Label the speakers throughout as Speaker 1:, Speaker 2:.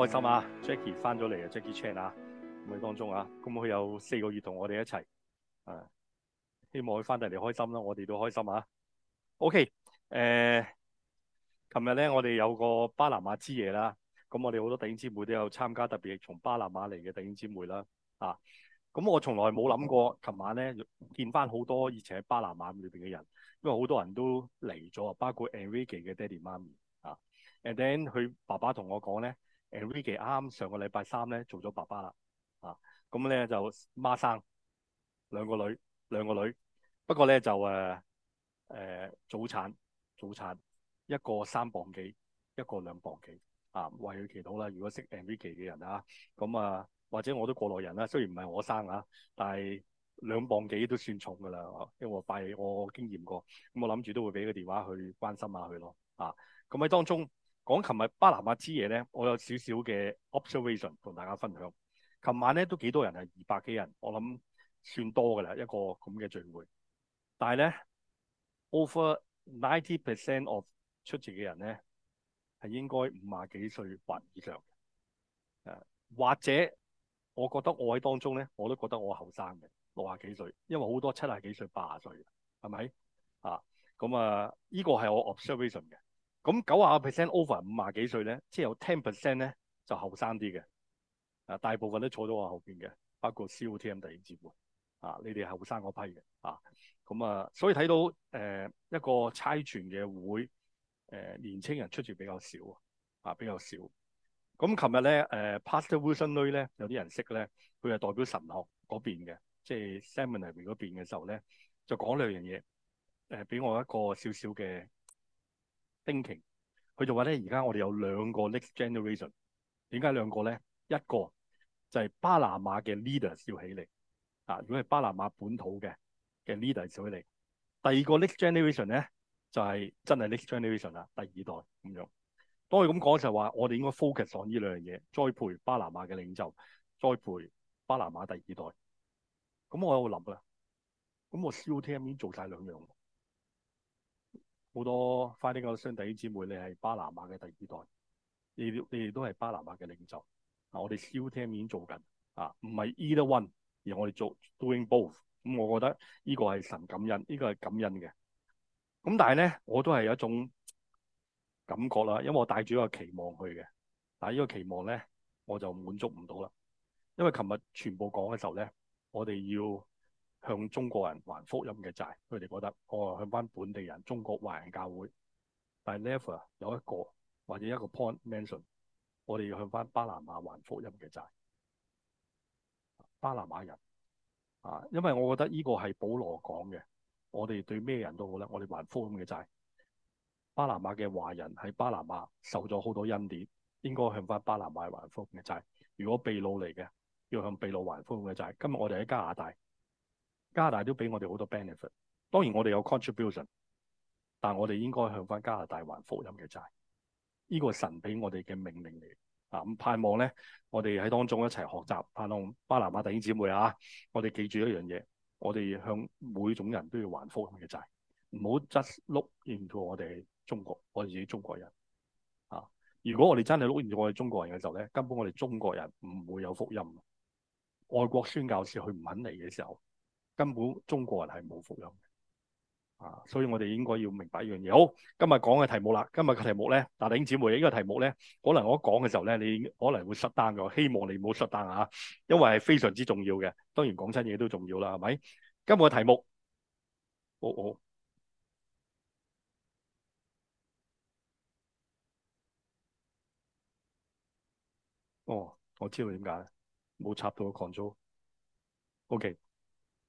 Speaker 1: 開心啊，Jackie 翻咗嚟啊，Jackie Chan 啊，咁佢當中啊，咁佢有四個月同我哋一齊，啊，希望佢翻到嚟開心啦，啊，我哋都開心啊。OK，誒、呃，琴日咧我哋有個巴拿馬之夜啦，咁我哋好多弟兄姊妹都有參加，特別從巴拿馬嚟嘅弟兄姊妹啦，啊，咁、啊、我從來冇諗過呢，琴晚咧見翻好多以前喺巴拿馬裏邊嘅人，因為好多人都嚟咗啊，包括 Enrique 嘅爹哋媽咪啊，and then 佢爸爸同我講咧。a n v i g k y 啱啱上個禮拜三咧做咗爸爸啦，啊咁咧，嗯、就孖生兩個女兩個女，不過咧就誒誒，呃、早產早產一個三磅幾，一個兩磅幾，啊為佢祈禱啦。如果識 And v i g k y 嘅人啊，咁啊或者我都過來人啦，雖然唔係我生啊，但係兩磅幾都算重噶啦，啊，因為我拜我經驗過，咁，嗯、我諗住都會俾個電話去關心下佢咯，啊咁喺，嗯啊嗯，當中。講琴日巴拿馬之夜咧，我有少少嘅 observation 同大家分享。琴晚咧都幾多人啊？二百幾人，我諗算多嘅啦，一個咁嘅聚會。但係咧，over ninety percent of 出席嘅人咧係應該五廿幾歲或以上嘅。誒，或者我覺得我喺當中咧，我都覺得我後生嘅，六廿幾歲，因為好多七廿幾歲、八廿歲嘅，係咪啊？咁啊，呢個係我 observation 嘅。咁九十 percent over 五十幾歲咧，即係有 ten percent 咧就後生啲嘅。啊，大部分都坐咗我後邊嘅，包括 COTM 第二節啊，你哋後生嗰批嘅啊，咁啊，所以睇到誒、呃、一個差傳嘅會，誒、呃、年青人出席比較少啊，比較少。咁琴日咧誒 Pastor Wilson Lee 咧有啲人識咧，佢係代表神學嗰邊嘅，即係 Seminary 嗰邊嘅時候咧，就講兩樣嘢誒，俾、呃、我一個少少嘅。Thinking，佢就話咧，而家我哋有兩個 next generation，點解兩個咧？一個就係巴拿馬嘅 leader 要起嚟，啊，如果係巴拿馬本土嘅嘅 leader 要起嚟。第二個 next generation 咧，就係真係 next generation 啦，第二代咁樣。當佢咁講就係話，我哋應該 focus 喺呢兩樣嘢，栽培巴拿馬嘅領袖，栽培巴拿馬第二代。咁我諗啦，咁我 COTM 已經做晒兩樣。好多花丁嘅兄弟姐妹，你係巴拿馬嘅第二代，你你哋都係巴拿馬嘅領袖。啊，我哋 COTM 已經做緊，啊唔係 either one，而我哋做 doing both、嗯。咁我覺得呢個係神感恩，呢、呢個係感恩嘅。咁、嗯、但係咧，我都係有一種感覺啦，因為我帶住一個期望去嘅。但係呢個期望咧，我就滿足唔到啦。因為琴日全部講嘅時候咧，我哋要向中國人還福音嘅債，佢哋覺得我、哦、向翻本地人中國華人教會。但係 never 有一個或者一個 point mention，我哋要向翻巴拿馬還福音嘅債。巴拿馬人啊，因為我覺得呢個係保羅講嘅，我哋對咩人都好啦，我哋還福音嘅債。巴拿馬嘅華人喺巴拿馬受咗好多恩典，應該向翻巴拿馬還福音嘅債。如果秘魯嚟嘅，要向秘魯還福音嘅債。今日我哋喺加拿大。加拿大都俾我哋好多 benefit，當然我哋有 contribution，但係我哋應該向翻加拿大還福音嘅債，呢個係神俾我哋嘅命令嚟。啊咁盼望咧，我哋喺當中一齊學習，盼望巴拿馬弟兄姊妹啊，我哋記住一樣嘢，我哋向每種人都要還福音嘅債，唔好 just look into 我哋中國，我哋自己中國人啊，如果我哋真係 look into 我哋中國人嘅時候咧，根本我哋中國人唔會有福音，外國宣教士佢唔肯嚟嘅時候。根本中國人係冇福音嘅啊，所以我哋應該要明白依樣嘢。好，今日講嘅題目啦，今日嘅題目咧，大鼎姐妹，依個題目咧，可能我講嘅時候咧，你可能會失單嘅，希望你唔好失單嚇，因為係非常之重要嘅。當然講真嘢都重要啦，係咪？今日嘅題目，哦哦，哦，我知道點解冇插到個 control，OK。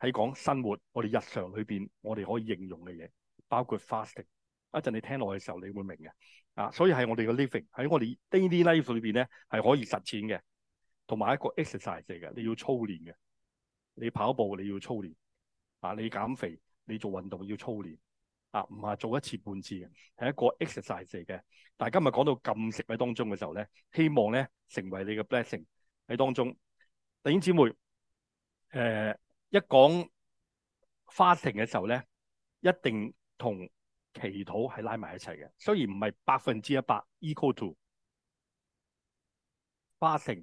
Speaker 1: 屬靈生活，我哋日常裏邊，我哋可以應用嘅嘢，包括 fasting。一陣你聽落嘅時候，你會明嘅。啊，所以係我哋嘅 living 喺我哋 daily life 裏邊咧，係可以實踐嘅，同埋一個 exercise 嘅。你要操練嘅，你跑步你要操練，啊，你減肥，你做運動要操練，啊，唔係做一次半次嘅，係一個 exercise 嘅。但係今日講到禁食喺當中嘅時候咧，希望咧成為你嘅 blessing 喺當中。弟兄姊妹，誒、呃。一講花城嘅時候咧，一定同祈禱係拉埋一齊嘅，雖然唔係百分之一百 equal to 花城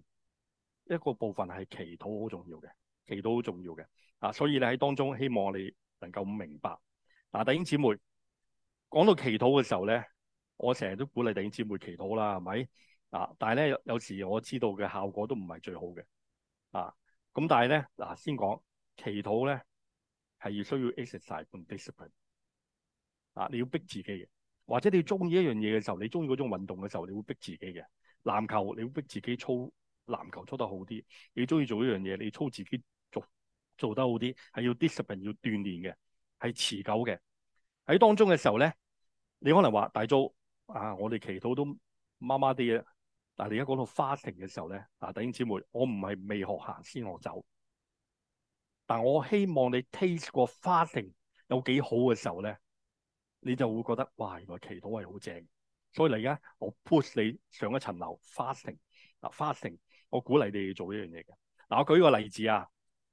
Speaker 1: 一個部分係祈禱好重要嘅，祈禱好重要嘅啊！所以你喺當中希望你能夠明白。嗱、啊，弟兄姊妹講到祈禱嘅時候咧，我成日都鼓勵弟兄姊妹祈禱啦，係咪啊？但係咧有時我知道嘅效果都唔係最好嘅啊！咁但係咧嗱，先講。祈禱咧係要需要 exercise and discipline 啊！你要逼自己嘅，或者你要中意一樣嘢嘅時候，你中意嗰種運動嘅時候，你會逼自己嘅。籃球你會逼自己操籃球操得好啲，你中意做一樣嘢，你操自己做做得好啲，係要 discipline 要鍛煉嘅，係持久嘅。喺當中嘅時候咧，你可能話大造啊，我哋祈禱都麻麻啲嘅。但係你而家講到花城嘅時候咧，啊弟兄姊妹，我唔係未學行先學走。但我希望你 taste 過 fasting 有幾好嘅時候咧，你就會覺得哇！原來祈禱係好正，所以嚟而家我 push 你上一層樓 fasting 啊，fasting 我鼓勵你做呢樣嘢嘅。嗱，我舉個例子啊，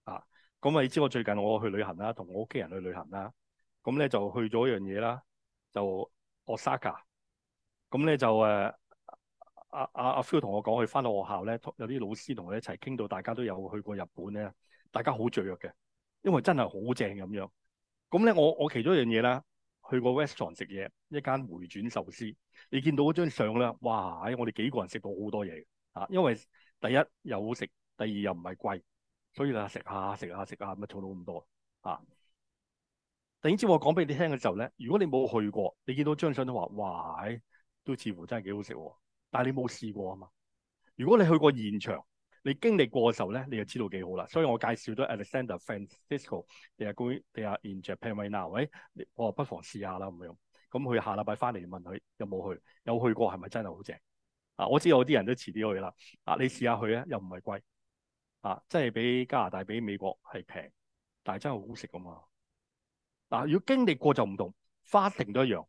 Speaker 1: 啊咁啊，你知我最近我去旅行啦，同我屋企人去旅行啦，咁、嗯、咧就去咗一樣嘢啦，就 Osaka、嗯。咁咧就誒阿阿阿 Phil 同我講，佢翻到學校咧，有啲老師同佢一齊傾到，大家都有去過日本咧。大家好雀躍嘅，因為真係好正咁樣。咁咧，我我其中一樣嘢啦，去過 Weston 食嘢，一間回轉壽司。你見到嗰張相咧，哇！我哋幾個人食到好多嘢啊，因為第一又好食，第二又唔係貴，所以啦，食下食下食下，咪、啊啊啊、做到咁多啊。突然之我講俾你聽嘅時候咧，如果你冇去過，你見到張相都話：哇！都似乎真係幾好食。但係你冇試過啊嘛。如果你去過現場，你經歷過嘅時候咧，你就知道幾好啦。所以我介紹咗 Alexander Francisco，佢哋阿公，佢哋 In Japan right now。喂，我話不妨試下啦，唔用咁佢下禮拜翻嚟，問佢有冇去，有去過係咪真係好正啊？我知道有啲人都遲啲去啦。啊，你試下去啊，又唔係貴啊，真係比加拿大、比美國係平，但係真係好好食噶嘛。嗱，如果經歷過就唔同，fasting 都一樣。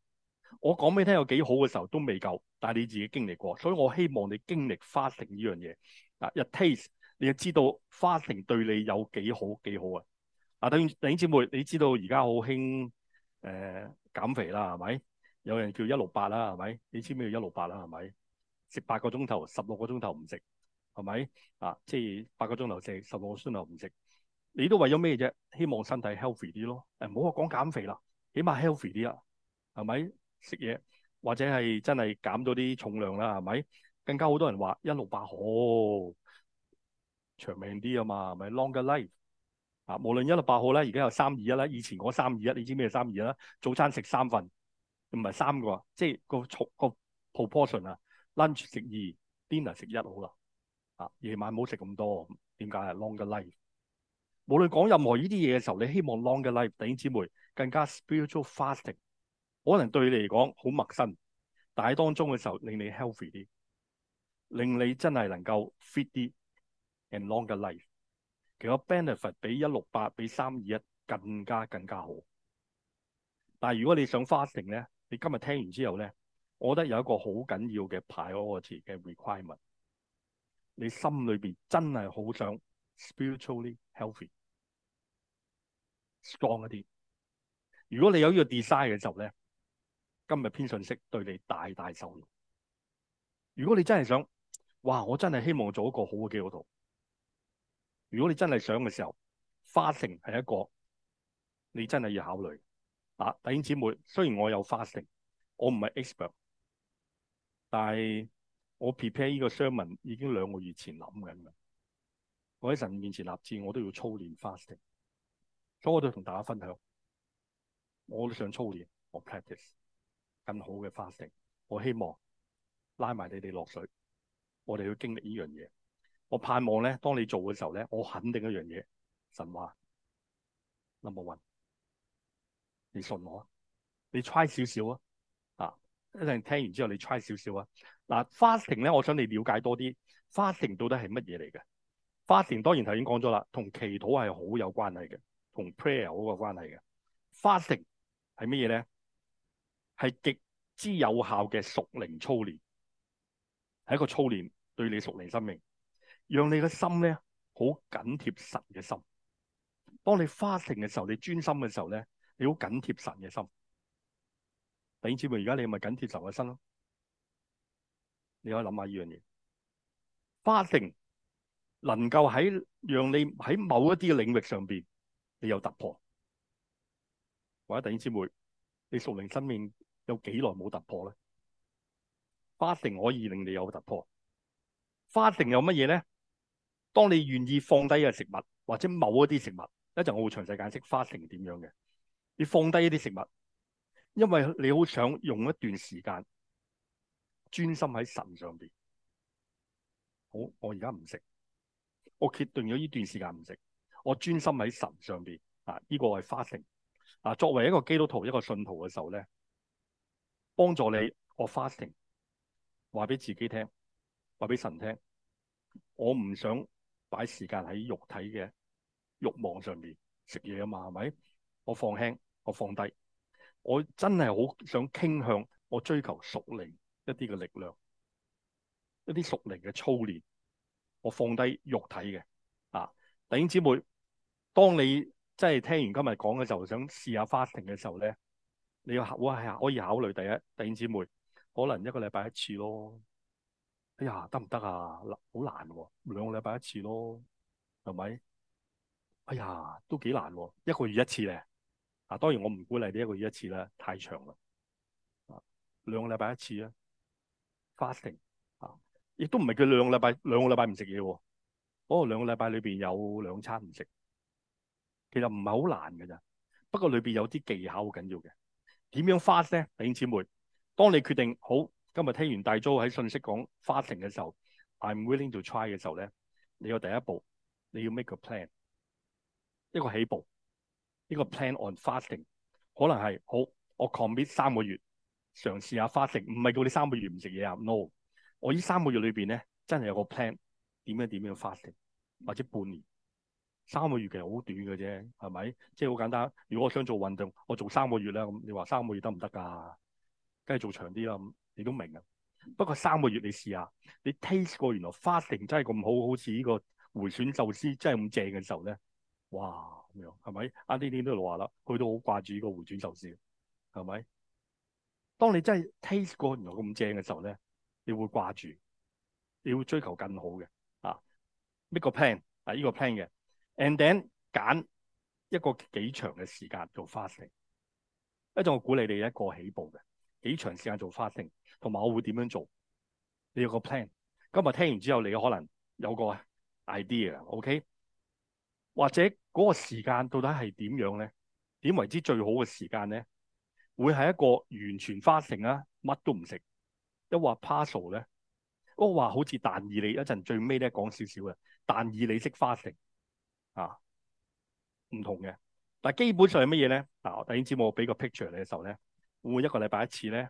Speaker 1: 我講俾你聽有幾好嘅時候都未夠，但係你自己經歷過，所以我希望你經歷 fasting 呢樣嘢。啊，一 taste 你就知道 fasting 對你有幾好幾好啊！嗱、啊，等啲姐妹，你知道而家好興誒減肥啦，係咪？有人叫一六八啦，係咪？你知咩叫一六八啦，係咪？食八個鐘頭，十六個鐘頭唔食，係咪？啊，即係八個鐘頭食，十六個鐘頭唔食。你都為咗咩啫？希望身體 healthy 啲咯。誒，唔好話講減肥啦，起碼 healthy 啲啦，係咪？食嘢或者係真係減咗啲重量啦，係咪？更加好多人話一六八號長命啲啊嘛，咪 longer life 啊，無論一六八號咧，而家有三二一啦。以前嗰三二一你知咩三二一啦？早餐食三份，唔係三個，即係、那個從、那個 proportion 啊。lunch 食二，dinner 食一好啦。啊，夜晚唔好食咁多。點解啊？longer life。無論講任何呢啲嘢嘅時候，你希望 longer life，弟兄姊妹更加 spiritual fasting，可能對你嚟講好陌生，但喺當中嘅時候令你 healthy 啲。令你真係能夠 fit 啲 and longer life，其實 benefit 比一六八比三二一更加更加好。但係如果你想 fasting 咧，你今日聽完之後咧，我覺得有一個好緊要嘅 priority 嘅 requirement，你心裏邊真係好想 spiritually healthy strong 一啲。如果你有呢個 design 嘅時候咧，今日篇信息對你大大受用。如果你真係想，哇！我真係希望做一個好嘅基督徒。如果你真係想嘅時候，fasting 係一個你真係要考慮。啊，弟兄姊妹，雖然我有 fasting，我唔係 expert，但係我 prepare 呢個 sermon、erm、已經兩個月前諗緊嘅。我喺神面前立志，我都要操練 fasting。所以我都同大家分享，我都想操練，我 practice 更好嘅 fasting。我希望拉埋你哋落水。我哋要經歷呢樣嘢。我盼望咧，當你做嘅時候咧，我肯定一樣嘢。神話林博文，no. 1, 你信我你啊？你 try 少少啊？啊，一陣聽完之後你 try 少少啊？嗱，fasting 咧，我想你了解多啲。fasting 到底係乜嘢嚟嘅？fasting 當然頭先講咗啦，同祈禱係好有關係嘅，同 prayer 好有關係嘅。fasting 係乜嘢咧？係極之有效嘅屬靈操練。一個操練，對你屬靈生命，讓你嘅心咧好緊貼神嘅心。當你花城嘅時候，你專心嘅時候咧，你好緊貼神嘅心。弟兄姊妹，而家你係咪緊貼神嘅心咯。你可以諗下呢樣嘢，花城能夠喺讓你喺某一啲領域上邊，你有突破，或者弟兄姊妹，你屬靈生命有幾耐冇突破咧？Fasting 可以令你有突破。Fasting 有乜嘢咧？當你願意放低嘅食物或者某一啲食物，一陣我會詳細解釋 Fasting 點樣嘅。你放低一啲食物，因為你好想用一段時間專心喺神上邊。好，我而家唔食，我決定咗呢段時間唔食，我專心喺神上邊。啊，呢個係 Fasting。啊，作為一個基督徒一個信徒嘅時候咧，幫助你我 Fasting。話俾自己聽，話俾神聽，我唔想擺時間喺肉體嘅慾望上面食嘢啊嘛，係咪？我放輕，我放低，我真係好想傾向我追求屬靈一啲嘅力量，一啲屬靈嘅操練。我放低肉體嘅啊，弟兄姊妹，當你真係聽完今日講嘅時候，想試下 fasting 嘅時候咧，你要我係可以考慮第一，弟兄姊妹。可能一個禮拜一次咯。哎呀，得唔得啊？好難喎、啊，兩個禮拜一次咯，係咪？哎呀，都幾難喎、啊，一個月一次咧。啊，當然我唔鼓勵你一個月一次啦，太長啦。啊，兩個禮拜一次啊，fasting 啊，亦都唔係叫兩個禮拜兩個禮拜唔食嘢喎。哦，兩個禮拜裏邊有兩餐唔食，其實唔係好難嘅咋。不過裏邊有啲技巧好緊要嘅，點樣 fast 咧？弟兄姊妹。當你決定好今日聽完大 Joe 喺信息講 fasting 嘅時候，I'm willing to try 嘅時候咧，你有第一步，你要 make a plan，一個起步，一個 plan on fasting，可能係好我 commit 三個月嘗試下 fasting，唔係叫你三個月唔食嘢啊，no，我呢三個月裏邊咧真係有個 plan，點樣點樣 fasting，或者半年，三個月其實好短嘅啫，係咪？即係好簡單。如果我想做運動，我做三個月啦，咁你話三個月得唔得㗎？梗係做長啲啦，你都明啊。不過三個月你試下，你 taste 過原來 Fasting 真係咁好，好似呢個回轉壽司真係咁正嘅時候咧，哇咁樣係咪啊？啲都老話啦，佢都好掛住呢個回轉壽司，係咪？當你真係 taste 過原來咁正嘅時候咧，你會掛住，你會追求更好嘅啊。make 個 plan 啊，呢、呢個 plan 嘅，and then 揀一個幾長嘅時間做 Fasting。一種我鼓勵你一個起步嘅。幾長時間做花城，同埋我會點樣做？你有個 plan。今日聽完之後，你可能有個 idea 啊，OK？或者嗰個時間到底係點樣咧？點為之最好嘅時間咧？會係一個完全花城啊，乜都唔食，一話 partial 咧，我話好似但以理一陣最尾咧講少少嘅但以理式花城啊，唔同嘅。但係基本上係乜嘢咧？嗱，頭先節目我俾個 picture 你嘅時候咧。會一個禮拜一次咧，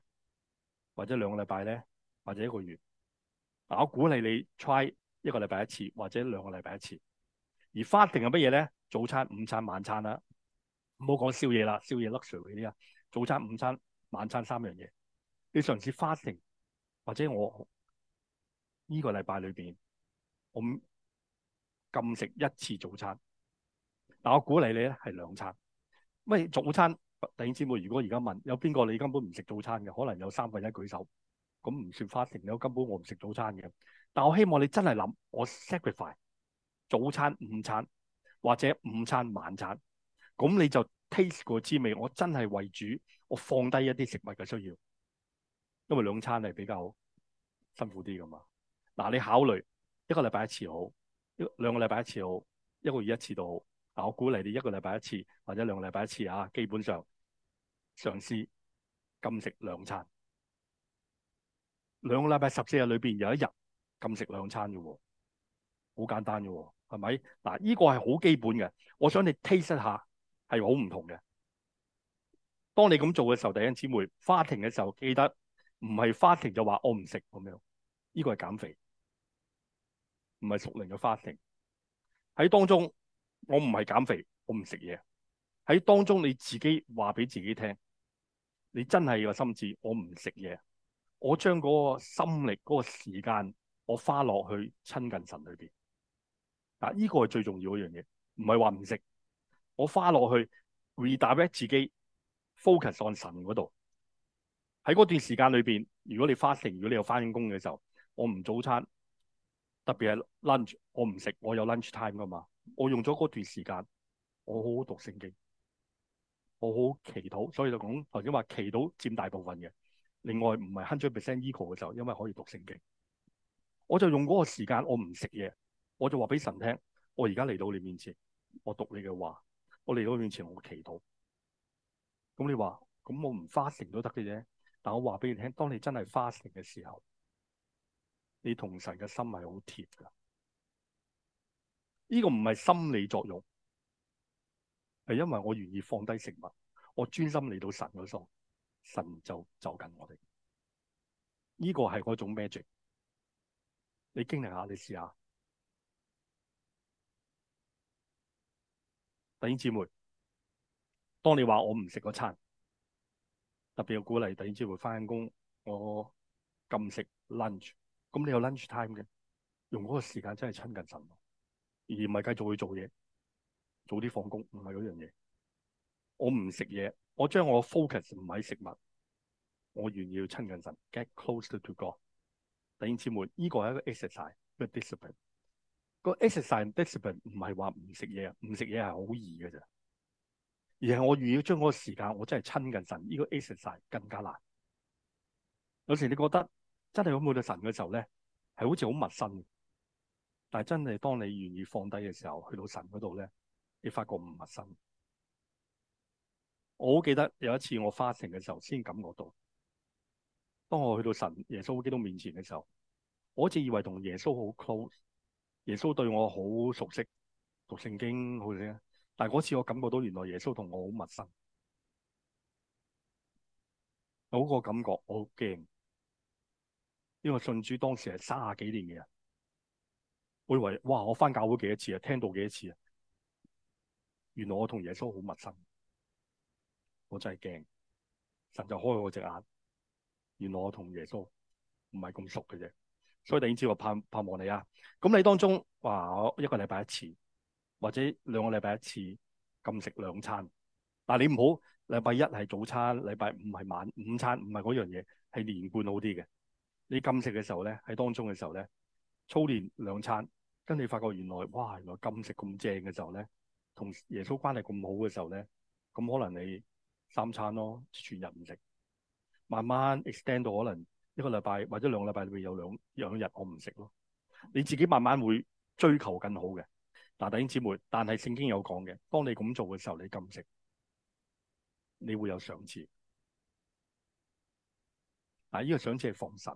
Speaker 1: 或者兩個禮拜咧，或者一個月。嗱，我鼓勵你 try 一個禮拜一次，或者兩個禮拜一次。而 fasting 係乜嘢咧？早餐、午餐、晚餐啦，唔好講宵夜啦，宵夜 luxury 呢啲啊。早餐、午餐、晚餐三樣嘢。你上次 fasting 或者我呢個禮拜裏邊，我禁食一次早餐。嗱，我鼓勵你咧係兩餐。喂，早餐。弟兄姊妹，如果而家問有邊個你根本唔食早餐嘅，可能有三分一舉手。咁唔算犧牲，有根本我唔食早餐嘅。但我希望你真係諗，我 sacrifice 早餐、午餐或者午餐、晚餐，咁你就 taste 個滋味。我真係為主，我放低一啲食物嘅需要，因為兩餐係比較辛苦啲㗎嘛。嗱，你考慮一個禮拜一次好，兩個禮拜一次好，一個月一次都好。嗱，我鼓勵你一個禮拜一次或者兩個禮拜一次啊，基本上。嘗試禁，禁食兩餐，兩個禮拜十四日裏邊有一日禁食兩餐嘅，好簡單嘅，係咪？嗱，呢個係好基本嘅。我想你 taste 下，係好唔同嘅。當你咁做嘅時候，第一姊妹 fasting 嘅時候，記得唔係 fasting 就話我唔食咁樣。呢、呢個係減肥，唔係屬靈嘅 fasting。喺當中，我唔係減肥，我唔食嘢。喺當中你自己話俾自己聽，你真係有心智，我唔食嘢，我將嗰個心力、嗰、嗰個時間，我花落去親近神裏邊。嗱，呢個係最重要一樣嘢，唔係話唔食，我花落去 read 讀一自己，focus on 神嗰度。喺嗰段時間裏邊，如果你花成，如果你有返工嘅時候，我唔早餐，特別係 lunch，我唔食，我有 lunch time 噶嘛，我用咗嗰段時間，我好好讀聖經。我好祈禱，所以就講頭先話祈禱佔大部分嘅。另外唔係百分之 equal r percent 嘅時候，因為可以讀聖經，我就用嗰個時間，我唔食嘢，我就話俾神聽，我而家嚟到你面前，我讀你嘅話，我嚟到面前我祈禱。咁你話，咁我唔花城都得嘅啫。但我話俾你聽，當你真係花城嘅時候，你同神嘅心係好貼噶。呢、這個唔係心理作用。係因為我願意放低食物，我專心嚟到神嗰度，神就就近我哋。呢個係嗰種 magic。你經歷下，你試下。弟兄姊妹，當你話我唔食嗰餐，特別要鼓勵弟兄姊妹翻工，我禁食 lunch。咁你有 lunch time 嘅，用嗰個時間真係親近神，而唔係繼續去做嘢早啲放工，唔係嗰樣嘢。我唔食嘢，我將我 focus 唔喺食物。我願意要親近神，get closer to God。弟兄姊妹，依、這個係一個 exercise，個 discipline。個 exercise and discipline 唔係話唔食嘢啊，唔食嘢係好易嘅啫。而係我願意將嗰個時間，我真係親近神。呢、這個 exercise 更加難。有時你覺得真係好冇到神嘅時候咧，係好似好陌生嘅。但係真係當你願意放低嘅時候，去到神嗰度咧。你發覺唔陌生，我好記得有一次我花城嘅時候，先感覺到。當我去到神耶穌基督面前嘅時候，我一直以為同耶穌好 close，耶穌對我好熟悉，讀聖經好識啊。但係嗰次我感覺到，原來耶穌同我好陌生。嗰、那個感覺我好驚，因為信主當時係三十幾年嘅人，我以為，哇，我返教會幾多次啊，聽到幾多次啊。原來我同耶穌好陌生，我真係驚，神就開我隻眼，原來我同耶穌唔係咁熟嘅啫，所以第二朝我盼盼望你啊，咁你當中話我一個禮拜一次，或者兩個禮拜一次禁食兩餐，但係你唔好禮拜一係早餐，禮拜五係晚午餐唔係嗰樣嘢，係連貫好啲嘅。你禁食嘅時候咧，喺當中嘅時候咧，操練兩餐，跟住發覺原來哇原來禁食咁正嘅時候咧。同耶穌關係咁好嘅時候咧，咁可能你三餐咯，全日唔食，慢慢 extend 到可能一個禮拜或者兩個禮拜裏面有兩兩日我唔食咯。你自己慢慢會追求更好嘅，但弟兄姊妹，但係聖經有講嘅，當你咁做嘅時候，你禁食，你會有賞賜。啊，呢個賞賜係防神。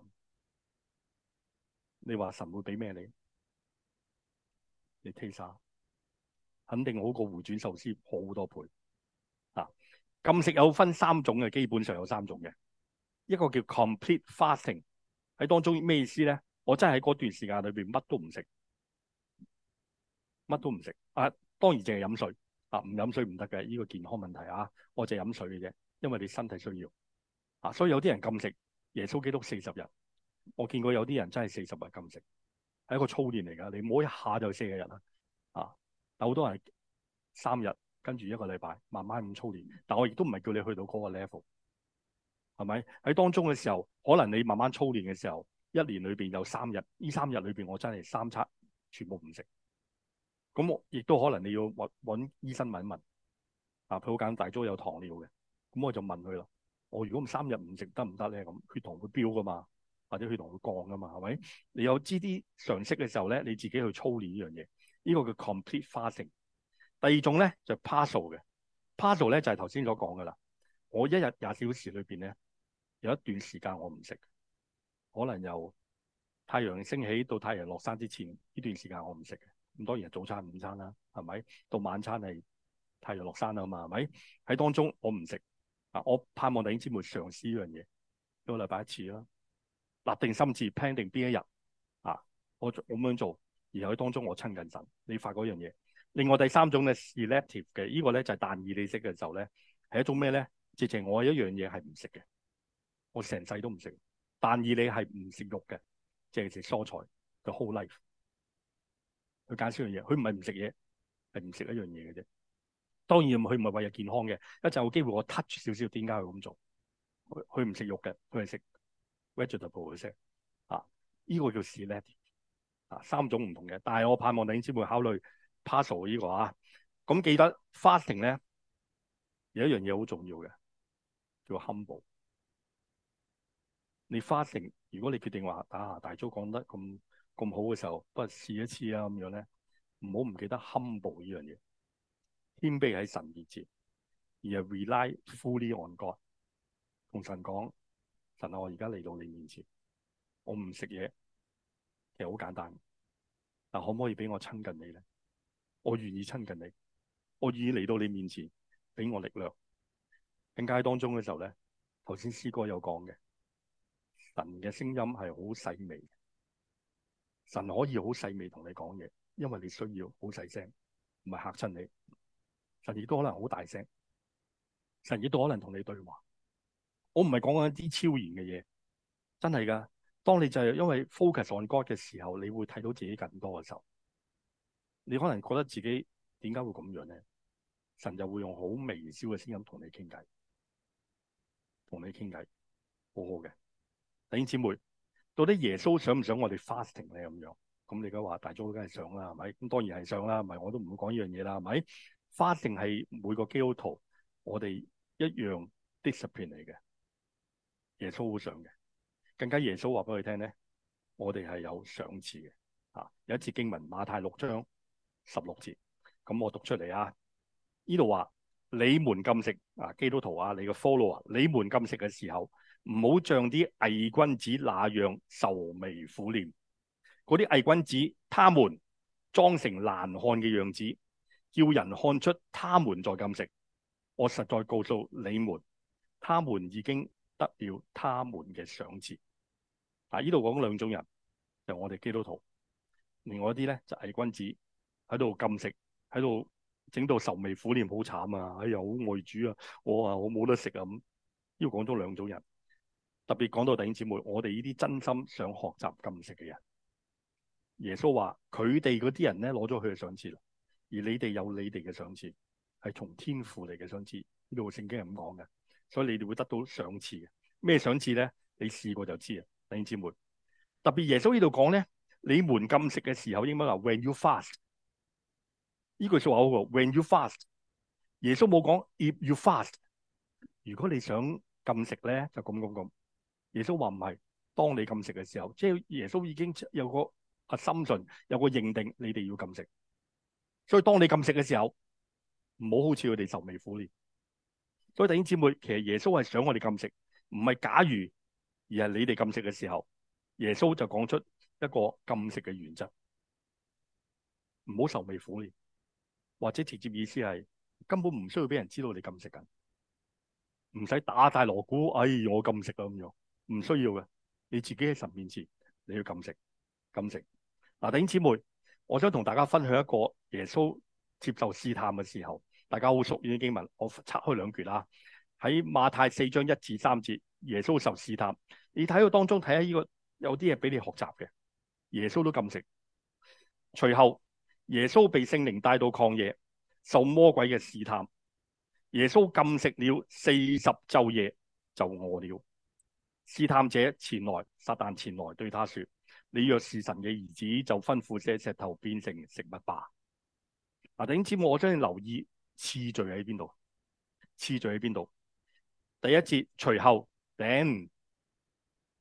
Speaker 1: 你話神會俾咩你？你 taste。肯定好過回轉壽司好多倍啊！禁食有分三種嘅，基本上有三種嘅，一個叫 complete fasting 喺當中，咩意思咧？我真係喺嗰段時間裏邊乜都唔食，乜都唔食啊！當然淨係飲水啊，唔飲水唔得嘅，呢個健康問題啊！我淨係飲水嘅啫，因為你身體需要啊，所以有啲人禁食耶穌基督四十日，我見過有啲人真係四十日禁食，係一個操練嚟噶，你唔好一下就四十日啦啊！但係好多人三日跟住一個禮拜慢慢咁操練，但我亦都唔係叫你去到嗰個 level，係咪？喺當中嘅時候，可能你慢慢操練嘅時候，一年裏邊有三日，呢三日裏邊我真係三餐全部唔食。咁我亦都可能你要揾揾醫生問一問，啊，佢好簡單，大都有糖尿嘅。咁我就問佢咯，我、哦、如果三日唔食得唔得咧？咁血糖會飆㗎嘛，或者血糖會降㗎嘛？係咪？你有知啲常識嘅時候咧，你自己去操練呢樣嘢。呢個叫 complete fasting。第二種咧就係、partial 嘅。partial 咧就係頭先所講嘅啦。我一日廿小時裏邊咧，有一段時間我唔食，可能由太陽升起到太陽落山之前，呢段時間我唔食嘅。咁當然係早餐、午餐啦，係咪？到晚餐係太陽落山啦嘛，係咪？喺當中我唔食啊！我盼望弟兄姊妹嘗試呢樣嘢，一、呢個禮拜一次啦。立定心志，plan 定邊一日啊？我我咁樣做。而喺當中，我親近神，你發嗰樣嘢。另外第三種咧，selective 嘅，這個、呢個咧就係但以理食嘅時候咧，係一種咩咧？直情我有一樣嘢係唔食嘅，我成世都唔食。但以理係唔食肉嘅，淨係食蔬菜，就 whole life。佢戒少樣嘢，佢唔係唔食嘢，係唔食一樣嘢嘅啫。當然佢唔係為咗健康嘅，一陣有機會我 touch 少少，點解佢咁做？佢唔食肉嘅，佢係食 vegetable 嘅啫。啊，依、這個叫 selective。啊，三種唔同嘅，但係我盼望你先會考慮 passo 呢個啊。咁記得 Fasting 咧有一樣嘢好重要嘅，叫 humble。你 Fasting，如果你決定話下、啊、大租講得咁咁好嘅時候，不如試一次啊咁樣咧，唔好唔記得 humble 呢樣嘢，謙卑喺神面前，而係 rely fully on God，同神講，神啊，我而家嚟到你面前，我唔食嘢。其實好簡單，嗱，可唔可以俾我親近你咧？我願意親近你，我願意嚟到你面前，俾我力量。正佳喺當中嘅時候咧，頭先詩歌有講嘅，神嘅聲音係好細微，神可以好細微同你講嘢，因為你需要好細聲，唔係嚇親你。神亦都可能好大聲，神亦都可能同你對話。我唔係講緊一啲超然嘅嘢，真係噶。當你就係因為 focus on God 嘅時候，你會睇到自己更多嘅時候，你可能覺得自己點解會咁樣咧？神就會用好微小嘅聲音同你傾偈，同你傾偈，好好嘅。弟兄姊妹，到底耶穌想唔想我哋 fasting 咧？咁樣咁你而家話大組梗係想啦，係咪？咁當然係想啦，唔係我都唔會講呢樣嘢啦，係咪？fasting 係每個基督徒我哋一樣 discipline 嚟嘅，耶穌好想嘅。更加耶穌話俾佢聽咧，我哋係有賞賜嘅啊。有一次經文馬太六章十六節，咁、啊、我讀出嚟啊。呢度話你們禁食啊，基督徒啊，你個 follow 啊，你們禁食嘅時候，唔好像啲偽君子那樣愁眉苦臉。嗰啲偽君子，他們裝成難看嘅樣子，叫人看出他們在禁食。我實在告訴你們，他們已經得了他們嘅賞賜。啊！呢度講兩種人，就是、我哋基督徒，另外一啲咧就偽君子喺度禁食，喺度整到愁眉苦臉，好慘啊！哎呀，好愛主啊！我話我冇得食啊咁。呢度講咗兩種人，特別講到弟兄姊妹，我哋呢啲真心想學習禁食嘅人，耶穌話佢哋嗰啲人咧攞咗佢嘅賞賜啦，而你哋有你哋嘅賞賜，係從天父嚟嘅賞賜。呢度聖經係咁講嘅，所以你哋會得到賞賜嘅。咩賞賜咧？你試過就知啊。弟兄姊妹，特別耶穌呢度講咧，你們禁食嘅時候，英文話 When you fast，呢句說話好喎。When you fast，耶穌冇講 If you fast，如果你想禁食咧，就咁咁咁。耶穌話唔係，當你禁食嘅時候，即係耶穌已經有個啊深信，有個認定，你哋要禁食。所以當你禁食嘅時候，唔好好似佢哋愁眉苦臉。所以弟兄姊妹，其實耶穌係想我哋禁食，唔係假如。而係你哋禁食嘅時候，耶穌就講出一個禁食嘅原則，唔好愁眉苦臉，或者直接意思係根本唔需要俾人知道你禁食緊，唔使打大鑼鼓，哎，我禁食啦咁樣，唔需要嘅，你自己喺神面前你要禁食，禁食。嗱、啊，弟兄姊妹，我想同大家分享一個耶穌接受試探嘅時候，大家好熟嘅經文，我拆開兩橛啦，喺馬太四章一至三節。耶穌受試探，你睇個當中睇下呢個有啲嘢俾你學習嘅。耶穌都禁食。隨後耶穌被聖靈帶到曠野受魔鬼嘅試探，耶穌禁食了四十晝夜就餓了。試探者前來，撒旦前來對他說：你若是神嘅兒子，就吩咐這些石頭變成食物吧。嗱，點知我將要留意次序喺邊度？次序喺邊度？第一節隨後。頂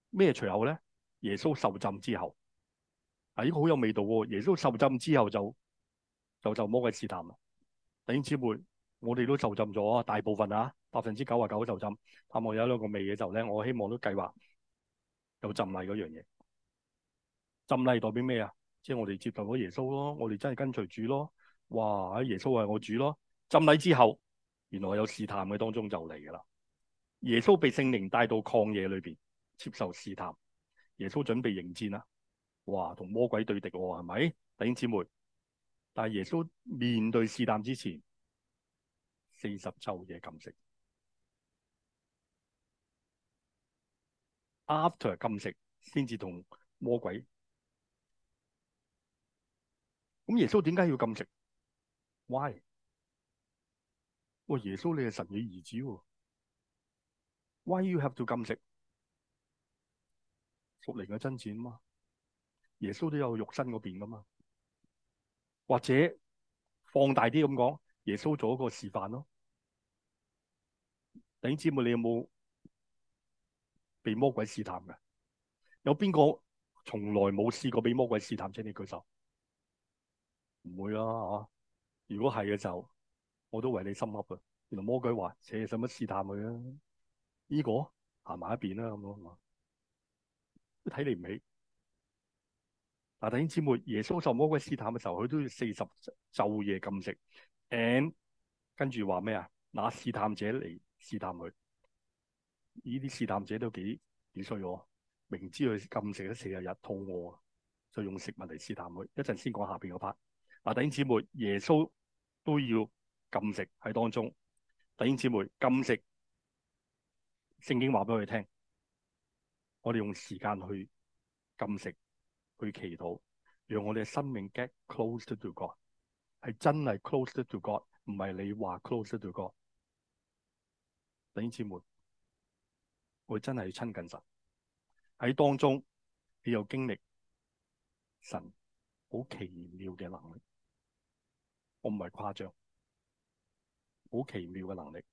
Speaker 1: 咩？後隨後咧，耶穌受浸之後，啊、哎，呢個好有味道喎、啊！耶穌受浸之後就就就魔鬼試探。弟兄姊妹，我哋都受浸咗大部分啊，百分之九啊九受浸。盼望有兩個未嘅就咧，我希望都計劃有浸禮嗰樣嘢。浸禮代表咩啊？即係我哋接受咗耶穌咯，我哋真係跟隨主咯。哇！阿耶穌係我主咯。浸禮之後，原來有試探嘅當中就嚟噶啦。耶穌被聖靈帶到曠野裡邊接受試探，耶穌準備迎戰啦，哇，同魔鬼對敵係咪？弟兄姊妹，但係耶穌面對試探之前，四十晝夜禁食，After 禁食先至同魔鬼。咁耶穌點解要禁食？Why？喂，耶穌你係神嘅兒子喎、哦。Why you have to 禁食？福靈嘅真錢嘛？耶穌都有肉身嗰邊㗎嘛？或者放大啲咁講，耶穌做一個示範咯。弟兄姊妹，你有冇被魔鬼試探嘅？有邊個從來冇試過俾魔鬼試探？請你舉手。唔會啦，吓！如果係嘅就，我都為你心噏啊！原來魔鬼話：，切，使乜試探佢啊？呢、這個行埋一邊啦，咁咯，都睇你唔起。但弟兄姊妹，耶穌受魔鬼試探嘅時候，佢都要四十晝夜禁食，and 跟住話咩啊？拿試探者嚟試探佢。呢啲試探者都幾幾衰喎，明知佢禁食咗四十日，肚餓，就用食物嚟試探佢。一陣先講下面個 part。但弟兄姊妹，耶穌都要禁食喺當中。弟兄姊妹，禁食。聖經話俾佢哋聽，我哋用時間去禁食，去祈禱，讓我哋嘅生命 get close to God，係真係 close to God，唔係你話 close to, to God。弟兄姊妹，我真係親近神，喺當中你又經歷神好奇妙嘅能力，我唔係誇張，好奇妙嘅能力。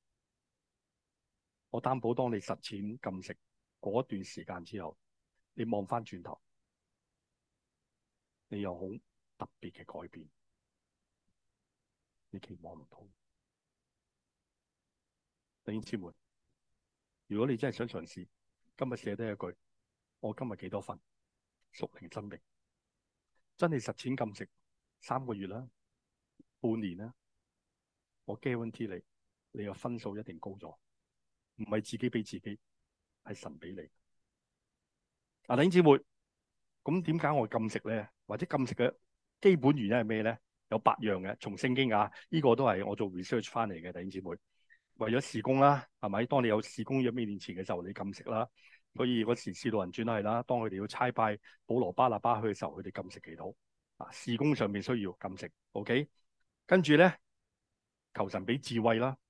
Speaker 1: 我擔保，當你實踐禁食嗰段時間之後，你望翻轉頭，你有好特別嘅改變，你期望唔到。弟兄姊，姊妹，如果你真係想嘗試，今日寫低一句，我今日幾多分？屬靈生命，真係實踐禁食三個月啦，半年啦，我 guarantee 你，你個分數一定高咗。唔係自己俾自己，係神俾你。啊，弟兄姊妹，咁點解我禁食咧？或者禁食嘅基本原因係咩咧？有八樣嘅，從聖經啊，呢、這個都係我做 research 翻嚟嘅。弟兄姊妹，為咗事工啦，啊，係咪？當你有事工要咩前嘅時候，你禁食啦，啊。所以嗰時士路人轉係啦，當佢哋要差派保羅巴拿巴去嘅時候，佢哋禁食祈禱。啊，事工上面需要禁食。OK，跟住咧，求神俾智慧啦，啊。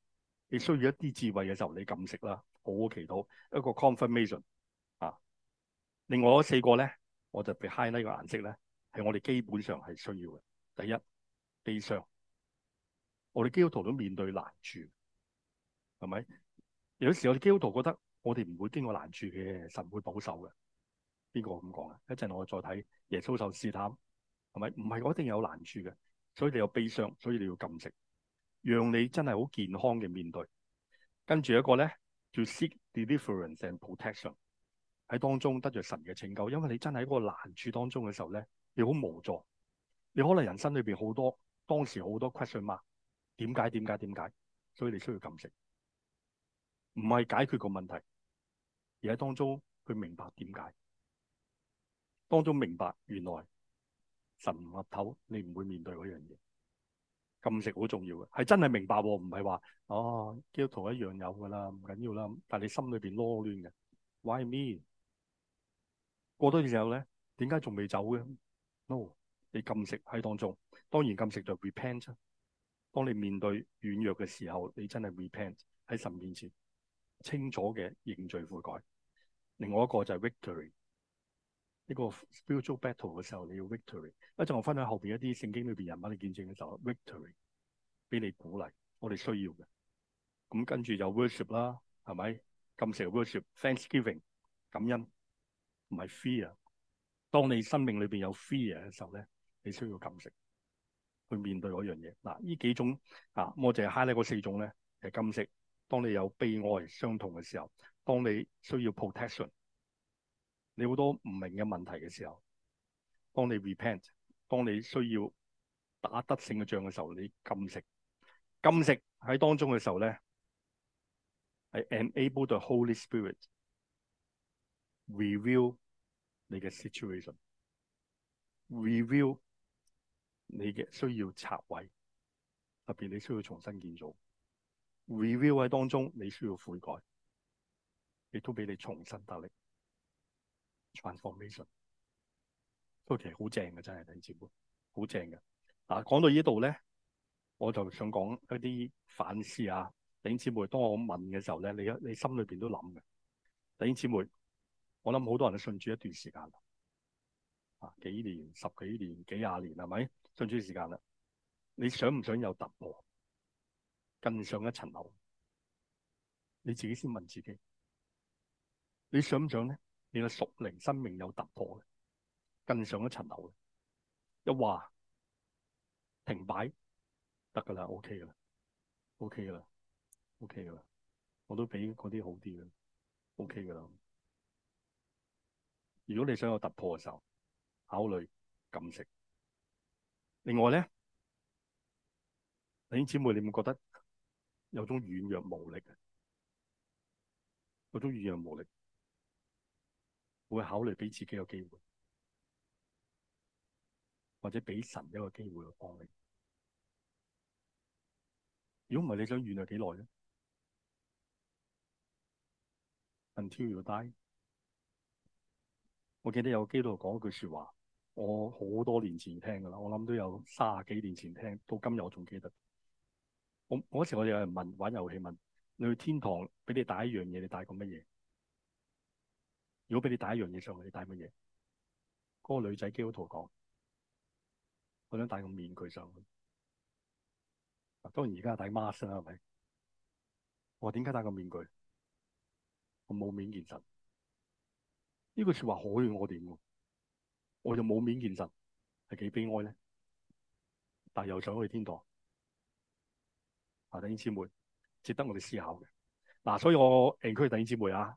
Speaker 1: 你需要一啲智慧嘅時候，你禁食啦，好好祈禱，一個 confirmation 啊。另外嗰四個咧，我就被 highlight 嘅顏色咧，係我哋基本上係需要嘅。第一，悲傷。我哋基督徒都面對難處，係咪？有時我哋基督徒覺得我哋唔會經過難處嘅神會保守嘅，邊個咁講啊？一陣我再睇耶穌受試探，係咪？唔係我一定有難處嘅，所以你有悲傷，所以你要禁食。讓你真係好健康嘅面對，跟住一個咧叫 seek deliverance and protection，喺當中得着神嘅拯救。因為你真係喺個難處當中嘅時候咧，你好無助，你可能人生裏邊好多當時好多 question mark，點解？點解？點解？所以你需要禁食，唔係解決個問題，而喺當中佢明白點解，當中明白原來神唔合頭，你唔會面對嗰樣嘢。禁食好重要嘅，係真係明白，唔係話哦，基督徒一樣有噶啦，唔緊要啦。但係你心裏邊囉攣嘅，Why me？過多嘅時候咧，點解仲未走嘅？No，你禁食喺當中，當然禁食就 repent。當你面對軟弱嘅時候，你真係 repent 喺神面前清楚嘅認罪悔改。另外一個就係 victory。呢個 spiritual battle 嘅時候，你要 victory。一陣我分享後邊一啲聖經裏邊人物你見證嘅時候，victory 俾你鼓勵，我哋需要嘅。咁跟住有 worship 啦，係咪？禁食 worship，thanksgiving 感恩，唔係 fear。當你生命裏邊有 fear 嘅時候咧，你需要禁食去面對嗰樣嘢。嗱，呢幾種啊，我淨係 highlight 嗰四種咧，係禁食。當你有悲哀、相同嘅時候，當你需要 protection。你好多唔明嘅問題嘅時候，當你 repent，當你需要打得勝嘅仗嘅時候，你禁食，禁食喺當中嘅時候咧，係 enable the Holy Spirit review 你嘅 situation，review 你嘅需要拆位，特別你需要重新建造 review 喺當中你需要悔改，亦都俾你重新得力。Transformation，都其實好正嘅，真係弟兄姊妹，好正嘅。嗱、啊，講到呢度咧，我就想講一啲反思啊，弟兄姊妹。當我問嘅時候咧，你你心裏邊都諗嘅，弟兄姊妹，我諗好多人都信主一段時間啦，啊，幾年、十幾年、幾廿年，係咪？信主時間啦，你想唔想有突破，更上一層樓？你自己先問自己，你想唔想咧？你個屬靈生命有突破嘅，更上一層樓嘅，一話停擺得噶啦，O K 噶啦，O K 噶啦，O K 噶啦，我都比嗰啲好啲嘅，O K 噶啦。如果你想有突破嘅時候，考慮禁食。另外咧，弟兄姊妹，你唔覺得有種軟弱無力嘅，有種軟弱無力？有會考慮俾自己個機會，或者俾神一個機會去幫你。如果唔係，你想原諒幾耐咧？Until you die，我記得有基督徒講一句說話，我好多年前聽噶啦，我諗都有卅幾年前聽，到今日我仲記得。我嗰時我哋有人問玩遊戲問你去天堂，俾你帶一樣嘢，你帶過乜嘢？如果俾你帶一樣嘢上去，你帶乜嘢？嗰、那個女仔基督徒講：我想帶個面具上去。嗱，當然而家戴 mask 啦，係咪？我點解戴個面具？我冇面見神。呢句說話可以我點？我就冇面見神，係幾悲哀咧？但係又想去天堂。啊，弟兄姊妹，值得我哋思考嘅。嗱、啊，所以我 A 區弟兄姊妹啊。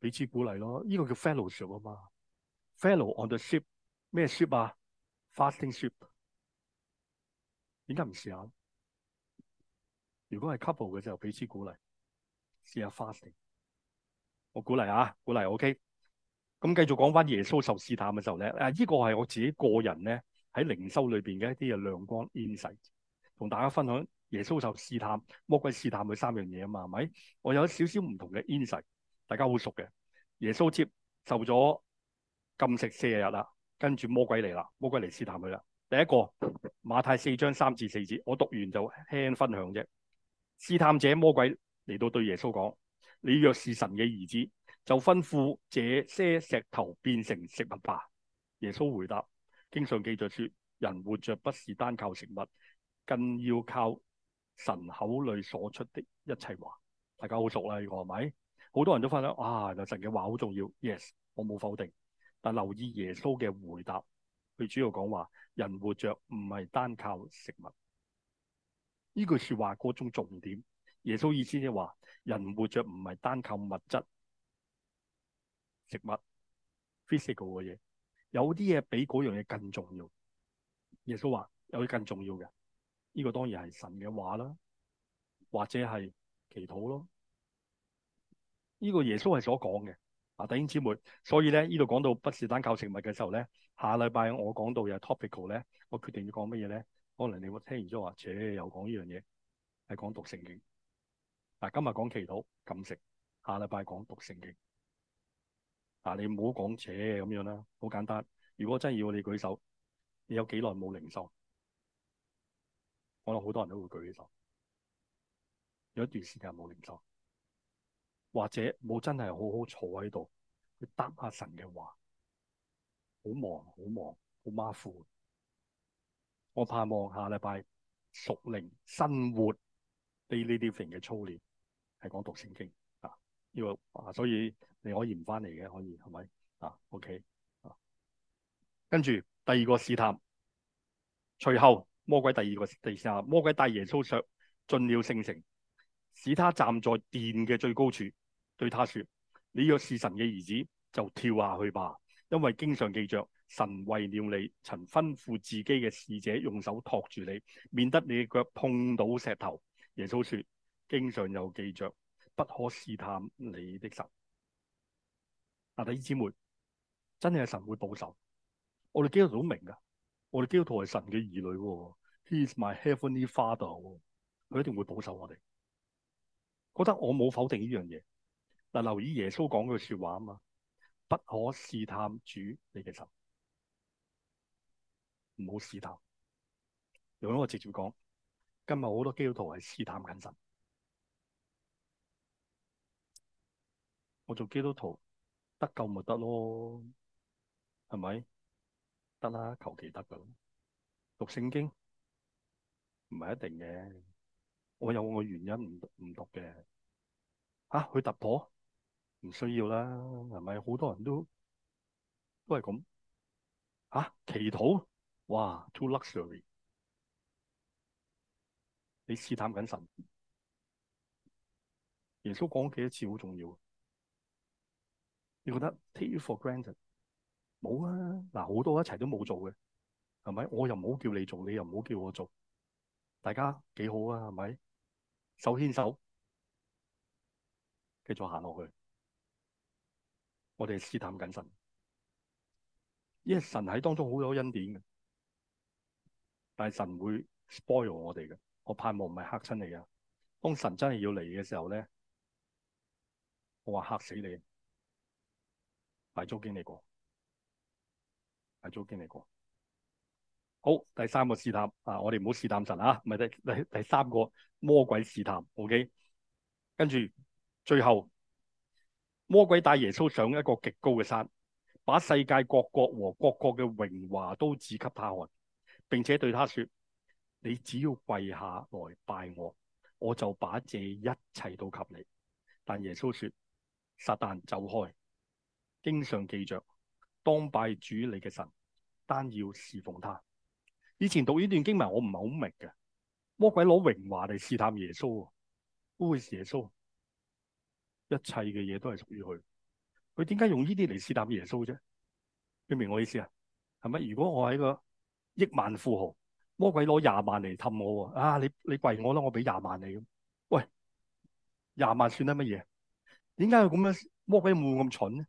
Speaker 1: 彼此鼓勵咯，呢、這個叫 fellowship 啊嘛，fellow on the ship 咩 ship 啊，fasting ship，點解唔試下？如果係 couple 嘅時候，彼此鼓勵，試下 fasting。我鼓勵啊，鼓勵 OK。咁繼續講翻耶穌受試探嘅時候咧，啊呢、這個係我自己個人咧喺靈修裏邊嘅一啲嘅亮光 insight，同大家分享耶穌受試探，魔鬼試探佢三樣嘢啊嘛，係咪？我有少少唔同嘅 insight。大家好熟嘅，耶穌接受咗禁食四日啦，跟住魔鬼嚟啦，魔鬼嚟試探佢啦。第一個馬太四章三至四節，我讀完就輕輕分享啫。試探者魔鬼嚟到對耶穌講：你若是神嘅兒子，就吩咐這些石頭變成食物吧。耶穌回答：經常記着說，人活着不是單靠食物，更要靠神口裏所出的一切話。大家好熟啦，呢個係咪？好多人都發現啊，神嘅話好重要。Yes，我冇否定，但留意耶穌嘅回答，佢主要講話人活着唔係單靠食物。呢句說話嗰種重點，耶穌意思即係話人活着唔係單靠物質食物，physical 嘅嘢。有啲嘢比嗰樣嘢更重要。耶穌話有啲更重要嘅，呢、這個當然係神嘅話啦，或者係祈禱咯。呢個耶穌係所講嘅，啊弟兄姊妹，所以咧呢度講到不是單靠食物嘅時候咧，下禮拜我講到又 topical 咧，我決定要講乜嘢咧？可能你聽完咗話，扯，又講呢樣嘢，係講讀聖經。嗱、啊，今日講祈禱、禁食，下禮拜講讀聖經。嗱、啊，你唔好講扯，咁樣啦，好簡單。如果真係要你舉手，你有幾耐冇靈修？可能好多人都會舉起手，有一段時間冇靈修。或者冇真係好好坐喺度去答下神嘅話，好忙好忙好馬虎。我盼望下禮拜屬靈生活呢呢啲嘢嘅操練，係講讀聖經啊呢個啊，所以你可以唔翻嚟嘅，可以係咪啊？OK 啊，跟、okay、住、啊、第二個試探，隨後魔鬼第二個第四啊，魔鬼帶耶穌上進了聖城，使他站在殿嘅最高處。對他說：你若是神嘅兒子，就跳下去吧，因為經常記着神為了你，曾吩咐自己嘅使者用手托住你，免得你嘅腳碰到石頭。耶穌說：經常又記着，不可試探你的神。啊，弟兄姊妹，真係神會保守，我哋基督徒好明噶，我哋基督徒係神嘅兒女，He is my heavenly father，佢一定會保守我哋，覺得我冇否定呢樣嘢。.嗱，留意耶穌講嘅説話啊嘛，不可試探主你嘅神，唔好試探。如果我直接講，今日好多基督徒係試探緊神。我做基督徒得救咪得咯，係咪？得啦，求其得噶啦。讀聖經唔係一定嘅，我有我原因唔唔讀嘅。吓、啊，去突破。唔需要啦，係咪好多人都都係咁吓？祈禱哇，too luxury。你試探緊神，耶穌講幾多次好重要？你覺得 take you for granted 冇啊？嗱、啊，好多一齊都冇做嘅，係咪？我又唔好叫你做，你又唔好叫我做，大家幾好啊？係咪手牽手繼續行落去？我哋試探緊神，因為神喺當中好有恩典嘅，但係神會 spoil 我哋嘅。我盼望唔係吓親你嘅。當神真係要嚟嘅時候咧，我話吓死你，大早經歷過，大早經歷過。好，第三個試探啊，我哋唔好試探神啊，唔係第第第三個魔鬼試探。OK，跟住最後。魔鬼帶耶穌上一個極高嘅山，把世界各國和各國嘅榮華都指給他看，並且對他說：你只要跪下來拜我，我就把這一切都給你。但耶穌說：撒旦走開！經上記着，當拜主你嘅神，單要侍奉他。以前讀呢段經文，我唔係好明嘅。魔鬼攞榮華嚟試探耶穌，污耶穌。一切嘅嘢都係屬於佢，佢點解用呢啲嚟試探耶穌啫？你明我意思啊？係咪？如果我係個億萬富豪，魔鬼攞廿萬嚟氹我喎。啊，你你跪我啦，我俾廿萬你。喂，廿萬算得乜嘢？點解佢咁樣？魔鬼冇咁蠢咧。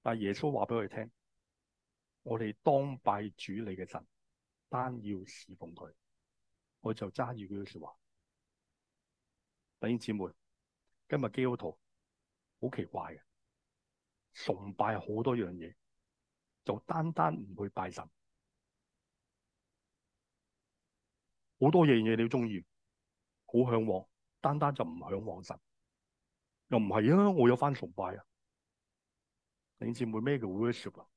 Speaker 1: 但耶穌話俾我哋聽：我哋當拜主你嘅神，單要侍奉佢。我就揸住佢嘅說話。弟兄姊妹。今日基督徒好奇怪嘅，崇拜好多樣嘢，就單單唔去拜神，好多樣嘢你都中意，好向往，單單就唔向往神，又唔係啊？我有返崇拜啊！你知唔知咩叫 worship 啊？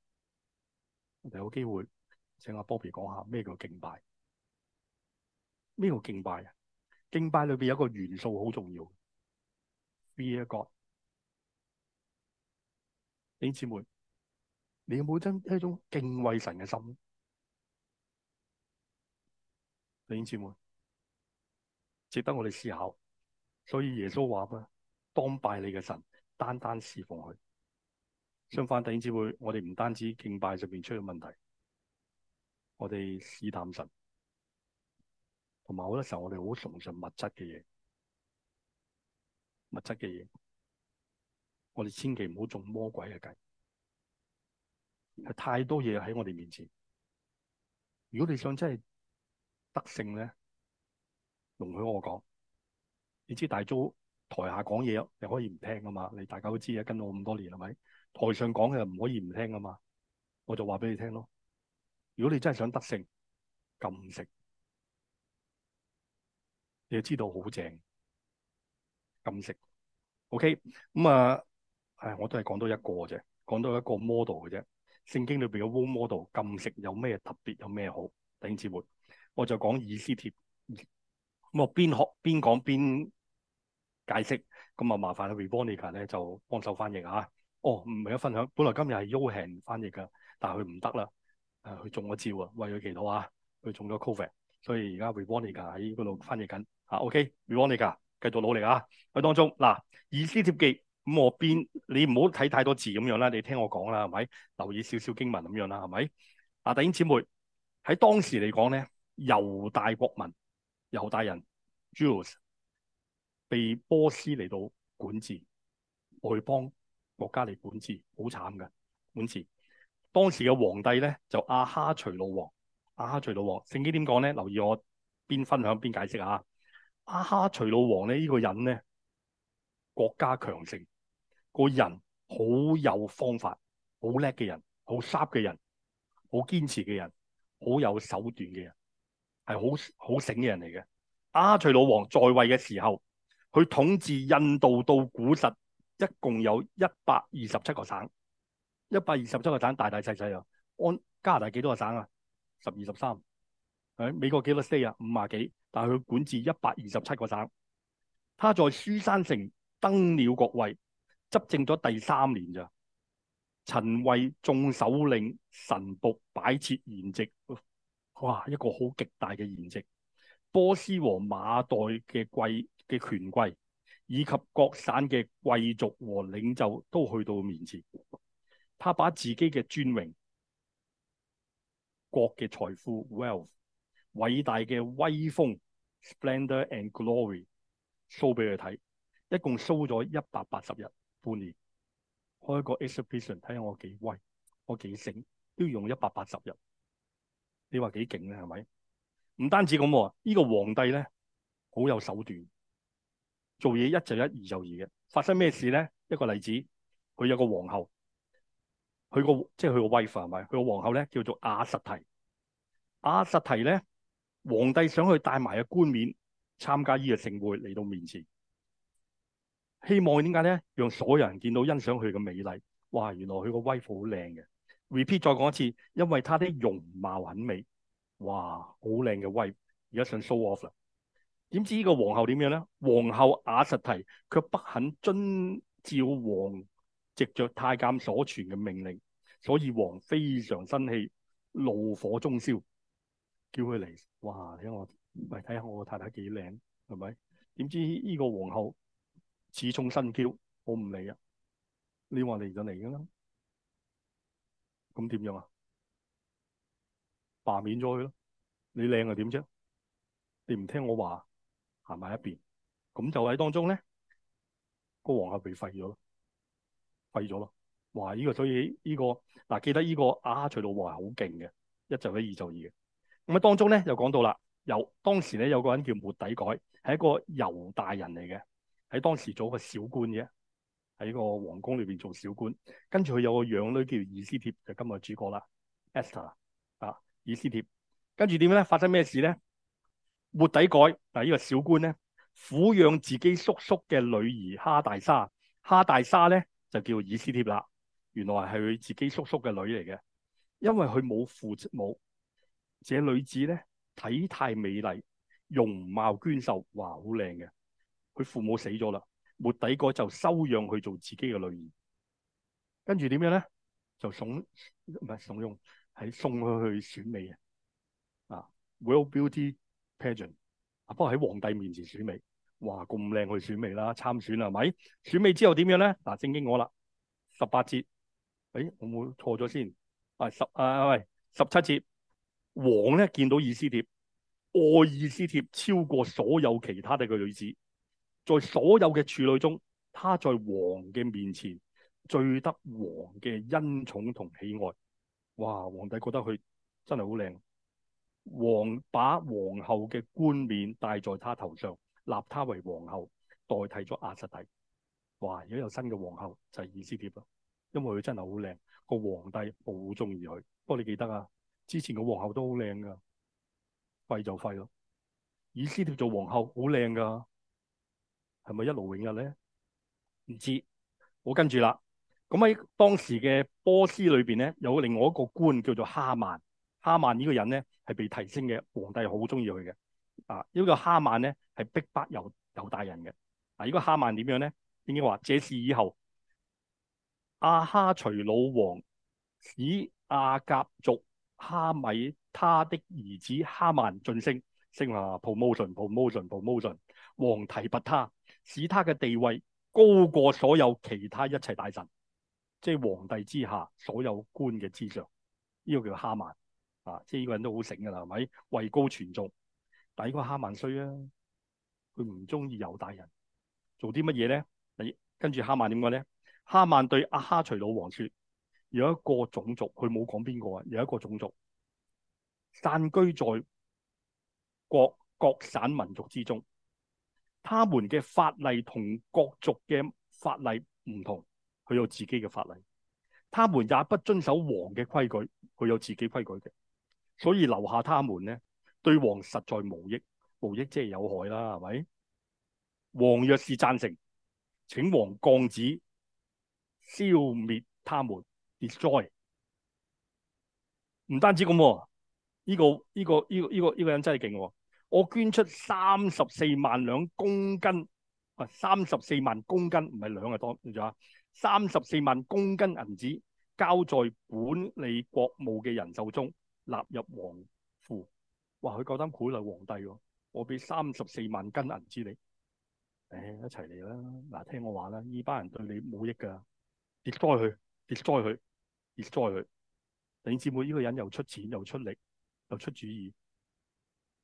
Speaker 1: 我哋有機會請阿 Bobby 講下咩叫敬拜。咩叫敬拜啊？敬拜裏邊有一個元素好重要。呢一個，弟兄姊妹，你有冇真係一種敬畏神嘅心咧？弟兄姊妹，值得我哋思考。所以耶穌話咩？當拜你嘅神，單單侍奉佢。相反，弟兄姊妹，我哋唔單止敬拜上邊出咗問題，我哋試探神，同埋好多時候我哋好崇信物質嘅嘢。物質嘅嘢，我哋千祈唔好中魔鬼嘅計，係太多嘢喺我哋面前。如果你想真係得勝咧，容許我講，你知大租台下講嘢你可以唔聽噶嘛？你大家都知啊，跟我咁多年係咪？台上講嘅唔可以唔聽噶嘛，我就話俾你聽咯。如果你真係想得勝，禁食，你就知道好正。禁食 OK 咁啊，係、okay? 嗯哎、我都係講多一個啫，講多一個 model 嘅啫，聖經裏邊嘅 whole model，禁食有咩特別，有咩好？第二節活，我就講以斯帖，咁我邊學邊講邊解釋，咁、嗯、啊麻煩啊，Rebonica 咧就幫手翻譯啊。哦，唔係一分享本來今日係 Yohan、oh、翻譯噶，但係佢唔得啦，誒，佢中咗招啊，為咗祈禱啊，佢中咗 Covid、okay? 所以而家 Rebonica 喺嗰度翻譯緊啊。OK，Rebonica。繼續努力啊！喺當中嗱，《以斯帖記》咁我邊，你唔好睇太多字咁樣啦，你聽我講啦，係咪？留意少少經文咁樣啦，係咪？啊，弟兄姊妹喺當時嚟講咧，猶大國民、猶大人 （Jews） u 被波斯嚟到管治，外邦國家嚟管治，好慘嘅管治。當時嘅皇帝咧就亞哈隨魯王，亞哈隨魯王。聖經點講咧？留意我邊分享邊解釋啊！阿哈，徐老王咧，呢、這個人咧，國家強盛，個人好有方法，好叻嘅人，好 sharp 嘅人，好堅持嘅人，好有手段嘅人，係好好醒嘅人嚟嘅。阿哈徐老王在位嘅時候，佢統治印度到古實，一共有一百二十七個省，一百二十七個省，大大細細啊。安加拿大幾多個省啊？十二十三。.美國幾多州啊？五啊幾？但係佢管治一百二十七個省。他在書山城登了國位，執政咗第三年咋？陳為眾首領神僕擺設筵席，哇！一個好極大嘅筵席。波斯和馬代嘅貴嘅權貴以及各省嘅貴族和領袖都去到面前。他把自己嘅尊榮、國嘅財富、wealth。偉大嘅威風，splendor and glory，show 俾佢睇，一共 show 咗一百八十日，半年，開一個 exhibition 睇下我幾威，我幾醒，都要用一百八十日，你話幾勁咧，係咪？唔單止咁，呢個皇帝咧好有手段，做嘢一就一，二就二嘅。發生咩事咧？一個例子，佢有個皇后，佢個即係佢個 wife 係咪？佢個皇后咧叫做阿實提，阿實提咧。皇帝想去帶埋個冠冕參加呢個盛會嚟到面前，希望點解咧？讓所有人見到欣賞佢嘅美麗。哇，原來佢個威風好靚嘅。repeat 再講一次，因為佢啲容貌很美。哇，好靚嘅威。而家想 show off 啦。點知呢個皇后點樣咧？皇后雅實提卻不肯遵照王藉着太監所傳嘅命令，所以王非常生氣，怒火中燒，叫佢嚟。哇！你我咪睇下我太太幾靚係咪？點知依個皇后恃寵生驕，我唔理啊！你話嚟就嚟噶啦，咁點樣啊？罷免咗佢咯。你靚又點啫？你唔聽我話，行埋一邊。咁就喺當中咧，個皇后被廢咗，廢咗咯。哇！依、這個所以呢、這個嗱、啊，記得呢、這個阿、啊、徐老王係好勁嘅，一就一，二就二嘅。咁啊，當中咧又講到啦，由當時咧有個人叫末底改，係一個猶大人嚟嘅，喺當時做一個小官嘅，喺個皇宮裏邊做小官。跟住佢有個養女叫做以斯帖，就今日主角啦，Esther 啊，以斯帖。跟住點樣咧？發生咩事咧？末底改嗱，呢個小官咧，撫養自己叔叔嘅女兒哈大沙，哈大沙咧就叫以斯帖啦。原來係佢自己叔叔嘅女嚟嘅，因為佢冇父母。這女子咧，體態美麗，容貌娟秀，哇，好靚嘅！佢父母死咗啦，末底改就收養佢做自己嘅女兒，跟住點樣咧？就送唔係慫恿，係送佢去選美嘅啊 Well, beauty pageant，啊，不過喺皇帝面前選美，哇，咁靚去選美啦，參選啦係咪？選美之後點樣咧？嗱，正經我啦，十八節，誒、哎，我冇錯咗先，係、啊、十啊，喂，十七節。王，呢見到以斯帖，愛以斯帖超過所有其他地嘅女子，在所有嘅處女中，她在王嘅面前最得王嘅恩寵同喜愛。哇！皇帝覺得佢真係好靚，王把皇后嘅冠冕戴在她頭上，立她為皇后，代替咗瓦實提。哇！如果有新嘅皇后就係以斯帖咯，因為佢真係好靚，個皇帝好中意佢。不過你記得啊。之前嘅皇后都好靚噶，廢就廢咯。以斯帖做皇后好靚噶，係咪一勞永逸咧？唔知，我跟住啦。咁喺當時嘅波斯裏邊咧，有另外一個官叫做哈曼。哈曼呢個人咧係被提升嘅，皇帝好中意佢嘅。啊，呢、這個哈曼咧係逼迫猶大人嘅。嗱、啊，呢、這個哈曼點樣咧？已經話，這事以後亞哈隨魯王使亞甲族。哈米他的兒子哈曼晉升，升話 promotion promotion promotion，皇提拔他，使他嘅地位高過所有其他一切大臣，即係皇帝之下所有官嘅之上，呢個叫哈曼啊！即係呢個人都好醒噶啦，係咪位高權重？但係呢個哈曼衰啊，佢唔中意有大人。做啲乜嘢咧？你跟住哈曼點講咧？哈曼對亞哈隨魯王說。有一個種族，佢冇講邊個啊！有一個種族散居在各各省民族之中，他們嘅法例同各族嘅法例唔同，佢有自己嘅法例，他們也不遵守王嘅規矩，佢有自己規矩嘅，所以留下他們咧，對王實在無益，無益即係有害啦，係咪？王若是贊成，請王降旨消滅他們。destroy 唔單止咁喎、哦，依、這個依、這個依、這個依個依個人真係勁喎！我捐出三十四萬兩公斤，啊斤，三十四萬公斤唔係兩個多，記住啊，三十四萬公斤銀紙交在管理國務嘅人手中納入皇庫。哇！佢夠膽賄賂皇帝喎、哦！我俾三十四萬斤銀紙你，誒、哎、一齊嚟啦！嗱，聽我話啦，呢班人對你冇益噶，destroy 佢，destroy 佢。而再，佢，弟兄姊妹，呢、這個人又出錢又出力又出主意，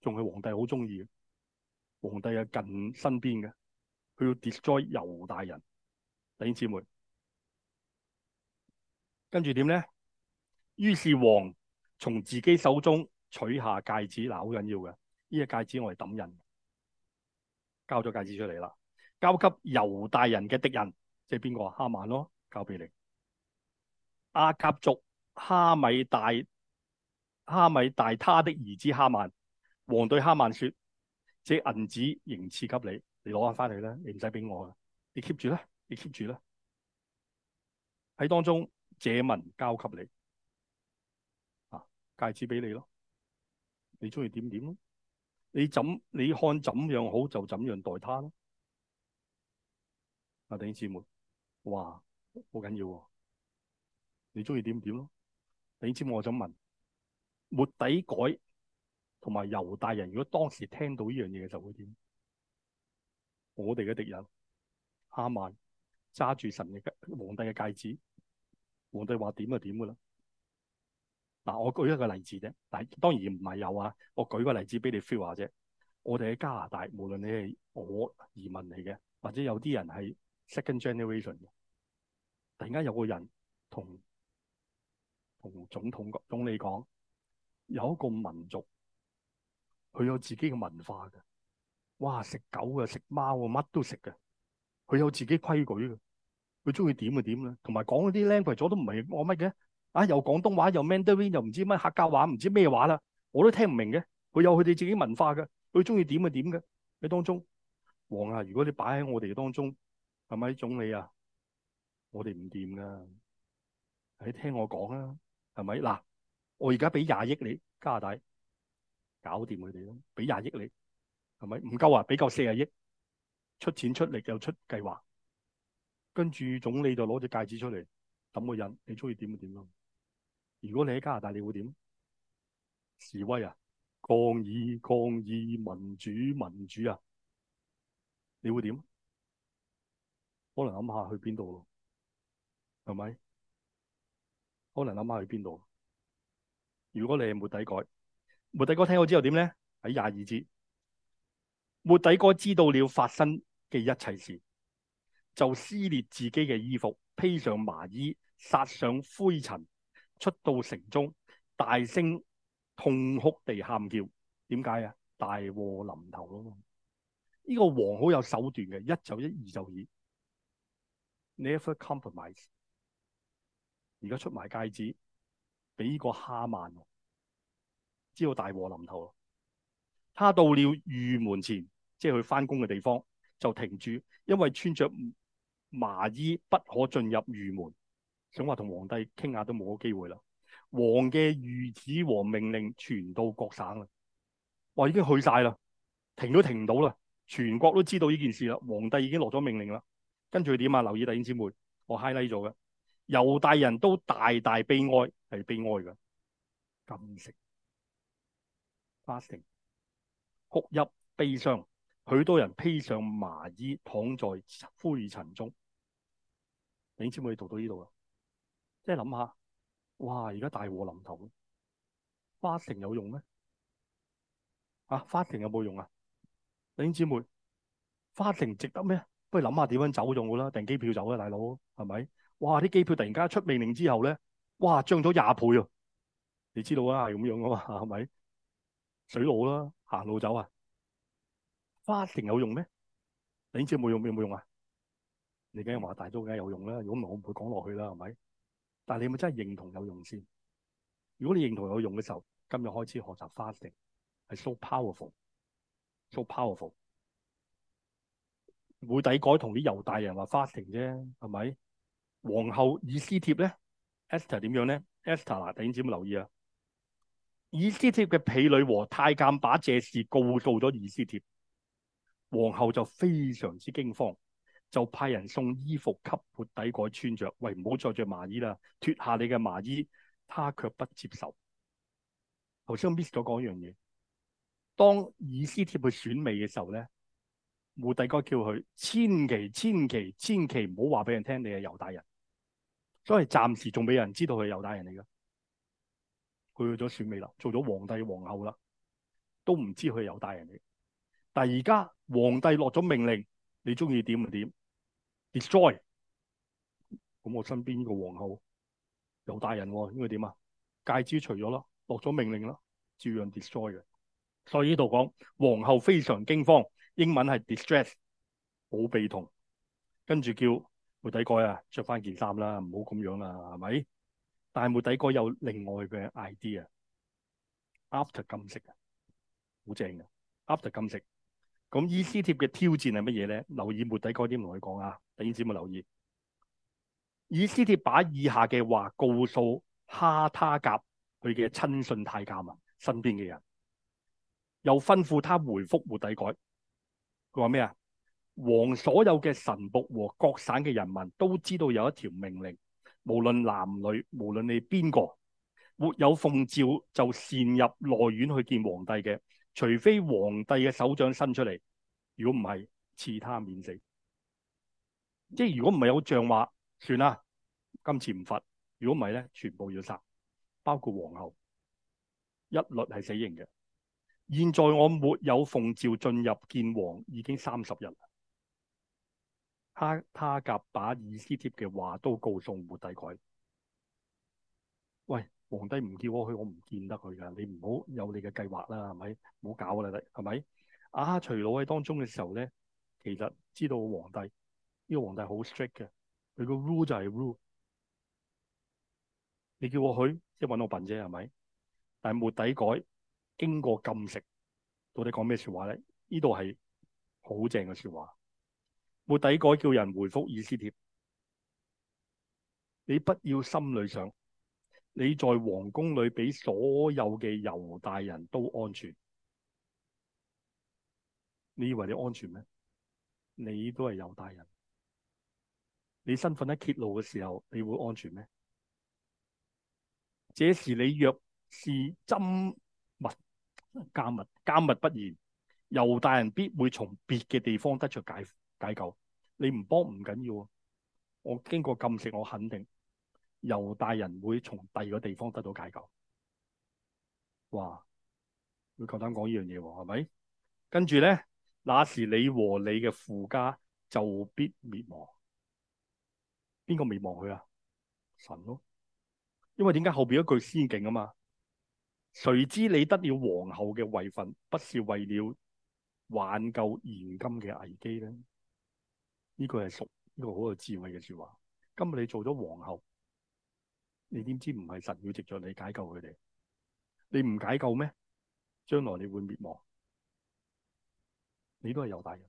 Speaker 1: 仲係皇帝好中意嘅，皇帝嘅近身邊嘅，佢要 destroy 猶大人，弟兄姊妹，跟住點咧？於是王從自己手中取下戒指，嗱、啊，好緊要嘅，呢、這個戒指我嚟抌人，交咗戒指出嚟啦，交給猶大人嘅敵人，即係邊個啊？哈曼咯，交俾你。阿、啊、甲族哈米大哈米大，哈米大他的兒子哈曼，王對哈曼說：這銀子仍賜給你，你攞翻翻去啦，你唔使俾我啦，你 keep 住啦，你 keep 住啦。喺當中這民交給你，啊，戒指俾你咯，你中意點點咯，你怎你看怎樣好就怎樣待他啦。啊，弟兄姊妹，哇，好緊要喎、啊！你中意點點咯？你知我想問，末底改同埋猶大人，如果當時聽到呢樣嘢嘅就會點？我哋嘅敵人阿曼揸住神嘅皇帝嘅戒指，皇帝話點就點噶啦。嗱、啊，我舉一個例子啫，但係當然唔係有啊，我舉個例子俾你 feel 下啫。我哋喺加拿大，無論你係我移民嚟嘅，或者有啲人係 second generation 嘅，突然間有個人同。同總統總理講，有一個民族，佢有自己嘅文化嘅。哇，食狗嘅、食貓啊，乜都食嘅。佢有自己規矩嘅，佢中意點就點啦。同埋講嗰啲 language 咗都唔係我乜嘅。啊，有廣東話、有 mandarin、又唔知乜客家話、唔知咩話啦，我都聽唔明嘅。佢有佢哋自己文化嘅，佢中意點就點嘅。喺當中，王啊！如果你擺喺我哋嘅當中，係咪總理啊？我哋唔掂㗎。你聽我講啊！係咪嗱？我而家俾廿億你加拿大搞掂佢哋咯，俾廿億你係咪唔夠啊？俾夠四十億，出錢出力又出計劃，跟住總理就攞隻戒指出嚟揼個印，你中意點就點咯。如果你喺加拿大，你會點？示威啊，抗議抗議，抗議民主民主啊，你會點？可能諗下去邊度咯，係咪？可能諗下去邊度？如果你係末底改，末底哥聽過之後點咧？喺廿二節，末底哥知道了發生嘅一切事，就撕裂自己嘅衣服，披上麻衣，撒上灰塵，出到城中，大聲痛哭地喊叫。點解啊？大禍臨頭咯！呢、這個王好有手段嘅，一就一，二就二，never compromise。而家出埋戒指俾呢個哈曼，知道大禍臨頭咯。他到了御門前，即係佢翻工嘅地方，就停住，因為穿着麻衣不可進入御門，想話同皇帝傾下都冇個機會啦。皇嘅御旨和命令傳到各省啦，哇，已經去晒啦，停都停唔到啦，全國都知道呢件事啦。皇帝已經落咗命令啦，跟住點啊？留意弟兄姊妹，我嗨 i 咗嘅。猶大人都大大悲哀，係悲哀嘅。禁食花城，哭泣悲傷，許多人披上麻衣躺在灰塵中。領姊妹讀到呢度啦，即係諗下，哇！而家大禍臨頭，花城有用咩？啊，花城有冇用啊？領姊妹，花城值得咩？不如諗下點樣走用好啦，訂機票走啦，大佬係咪？哇！啲機票突然間出命令之後咧，哇，漲咗廿倍啊！你知道啊，係咁樣噶嘛，係咪？水路啦，行路走啊，fasting 有用咩？你知冇用，有冇用啊？你梗係話大都梗係有用啦，如果唔係我唔會講落去啦，係咪？但係你咪真係認同有用先。如果你認同有用嘅時候，今日開始學習 fasting 係 so powerful，so powerful。會抵改同啲猶大人話 fasting 啫，係咪？皇后以斯帖咧，Esther 點樣咧？Esther 嗱、啊，弟兄姊妹留意啊！以斯帖嘅婢女和太監把這事告訴咗以斯帖，皇后就非常之驚慌，就派人送衣服給末底改穿着。喂，唔好再着麻衣啦，脫下你嘅麻衣。他卻不接受。頭先 miss 咗講一樣嘢，當以斯帖去選美嘅時候咧，末底改叫佢千祈千祈千祈唔好話俾人聽你係猶大人。所以暫時仲冇人知道佢係猶大人嚟嘅，佢去咗選美啦，做咗皇帝皇后啦，都唔知佢係猶大人嚟。但係而家皇帝落咗命令，你中意點就點，destroy。咁我身邊呢個皇后猶大人、哦、應該點啊？戒指除咗咯，落咗命令咯，照樣 destroy 嘅。所以呢度講皇后非常驚慌，英文係 distress，好悲痛，跟住叫。末底改啊，着翻件衫啦，唔好咁樣啦、啊，係咪？但係末底改有另外嘅 idea，after 禁食嘅，好正嘅、啊、，after 禁食。咁以斯帖嘅挑戰係乜嘢咧？留意末底改點同佢講啊？等陣子冇留意。以斯帖把以下嘅話告訴哈他革，佢嘅親信太監啊，身邊嘅人，又吩咐他回覆末底改。佢話咩啊？王所有嘅神僕和各省嘅人民都知道有一條命令，無論男女，無論你邊個，沒有奉詔就擅入內院去見皇帝嘅，除非皇帝嘅手掌伸出嚟。如果唔係，賜他免死。即係如果唔係有象話，算啦，今次唔罰。如果唔係咧，全部要殺，包括皇后，一律係死刑嘅。現在我沒有奉詔進入見王，已經三十日。他他夾把以斯帖嘅話都告訴末底改：「喂，皇帝唔叫我去，我唔見得佢㗎。你唔好有你嘅計劃啦，係咪？唔好搞啦，係咪？啊，徐老喺當中嘅時候咧，其實知道皇帝呢、呢個皇帝好 strict 嘅，佢個 rule 就係 rule。你叫我去，即係揾我笨啫，係咪？但係末底改，經過禁食，到底講咩説話咧？呢度係好正嘅説話。末底改叫人回覆以斯帖，你不要心裏想，你在皇宮裏俾所有嘅猶大人都安全，你以為你安全咩？你都係猶大人，你身份一揭露嘅時候，你會安全咩？這時你若是針密加密加密不言，猶大人必會從別嘅地方得出解。解救你唔幫唔緊要，啊。我經過禁食，我肯定猶大人會從第二個地方得到解救。哇，佢夠膽講呢樣嘢喎，係咪？跟住咧，那時你和你嘅父家就必滅亡。邊個滅亡佢啊？神咯、啊，因為點解後邊一句先勁啊？嘛，誰知你得了皇后嘅位份，不是為了挽救現今嘅危機咧？呢個係熟，呢、呢個好有智慧嘅說話。今日你做咗皇后，你點知唔係神要藉着你解救佢哋？你唔解救咩？將來你會滅亡，你都係猶大人。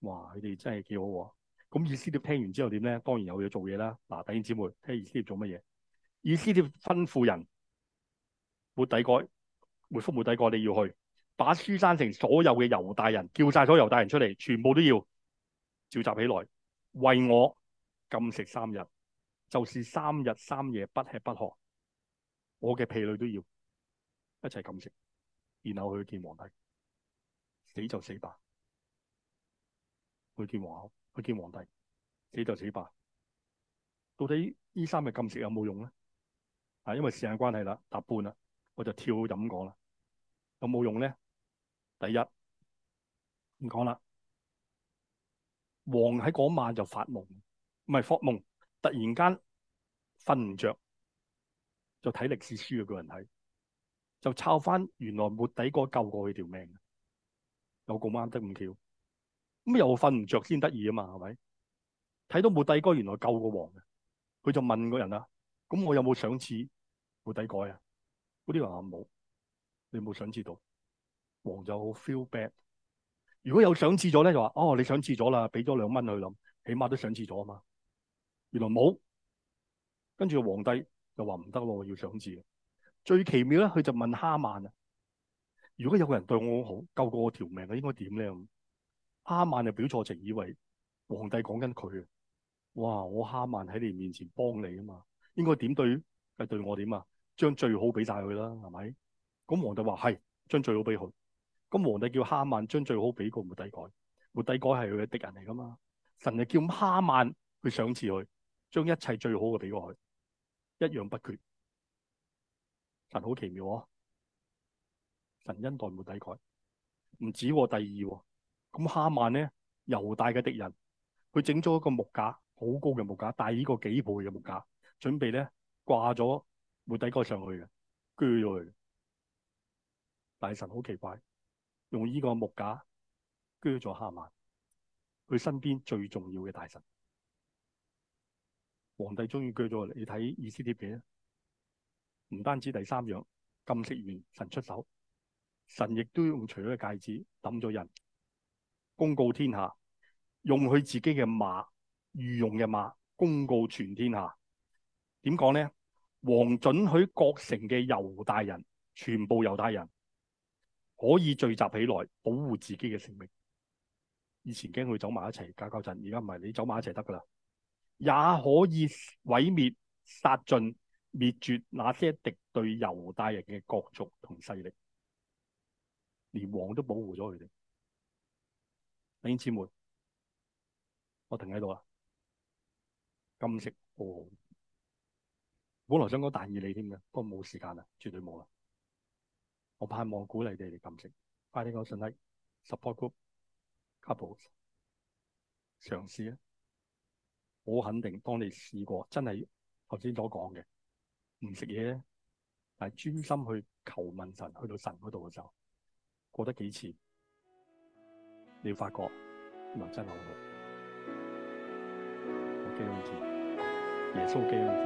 Speaker 1: 哇！佢哋真係幾好。咁，以斯帖聽完之後點咧？當然有嘢做嘢啦。嗱，弟兄姊妹，聽以斯帖做乜嘢？以斯帖吩咐人，末底改回復末底改，你要去。把書山城所有嘅猶大人叫晒，所有猶大人出嚟，全部都要召集起來，為我禁食三日，就是三日三夜不吃不喝，我嘅婢女都要一齊禁食，然後去見皇帝，死就死吧。去見皇后，去見皇帝，死就死吧。到底呢三日禁食有冇用咧？啊，因為時間關係啦，答半啦，我就跳咁講啦。有冇用咧？第一唔講啦，王喺嗰晚就發夢，唔係發夢，突然間瞓唔着，就睇歷史書啊！個人睇就抄翻，原來末底改救過佢條命，有咁啱得咁巧，咁又瞓唔着先得意啊嘛，係咪？睇到末底改原來救過王嘅，佢就問個人啦：，咁、啊、我有冇賞賜？末底改啊？嗰啲人話冇，你有冇賞賜到？王就好 feel bad。如果有賞賜咗咧，就話：哦，你賞賜咗啦，俾咗兩蚊佢啦，起碼都賞賜咗啊嘛。原來冇，跟住皇帝就話唔得喎，我要賞賜。最奇妙咧，佢就問哈曼啊：如果有個人對我好，救過我條命，佢應該點咧？哈曼就表錯情，以為皇帝講緊佢啊。哇！我哈曼喺你面前幫你啊嘛，應該點對？係對我點啊？將最好俾晒佢啦，係咪？咁皇帝話係，將最好俾佢。咁皇帝叫哈曼將最好俾過摩底改，摩底改係佢嘅敵人嚟噶嘛？神就叫哈曼去賞賜佢，將一切最好嘅俾過去，一樣不缺。神好奇妙啊，哦！神恩待摩底改，唔止第二、哦。咁哈曼咧猶大嘅敵人，佢整咗一個木架，好高嘅木架，大呢個幾倍嘅木架，準備咧掛咗摩底改上去嘅，居咗去。但係神好奇怪。用依個木架，鋸咗哈曼。佢身邊最重要嘅大臣，皇帝終於鋸咗。你睇《以斯帖》點寫？唔單止第三樣，禁食完神出手，神亦都用除咗嘅戒指，抌咗人，公告天下。用佢自己嘅馬，御用嘅馬，公告全天下。點講咧？王准許各城嘅猶大人，全部猶大人。可以聚集起來保護自己嘅性命。以前驚佢走埋一齊搞搞震，而家唔係你走埋一齊得噶啦。也可以毀滅、殺盡、滅絕那些敵對猶大人嘅國族同勢力，連王都保護咗佢哋。弟兄姊妹，我停喺度啦。金色好。本來想講大義理添嘅，不過冇時間啦，絕對冇啦。我盼望鼓勵你哋禁食，快啲講信息，support group couple 嘗試啊！我肯定，當你試過，真係頭先所講嘅，唔食嘢，但係專心去求問神，去到神嗰度嘅時候，過得幾次，你會發覺原來真係好好。我堅持耶穌堅持。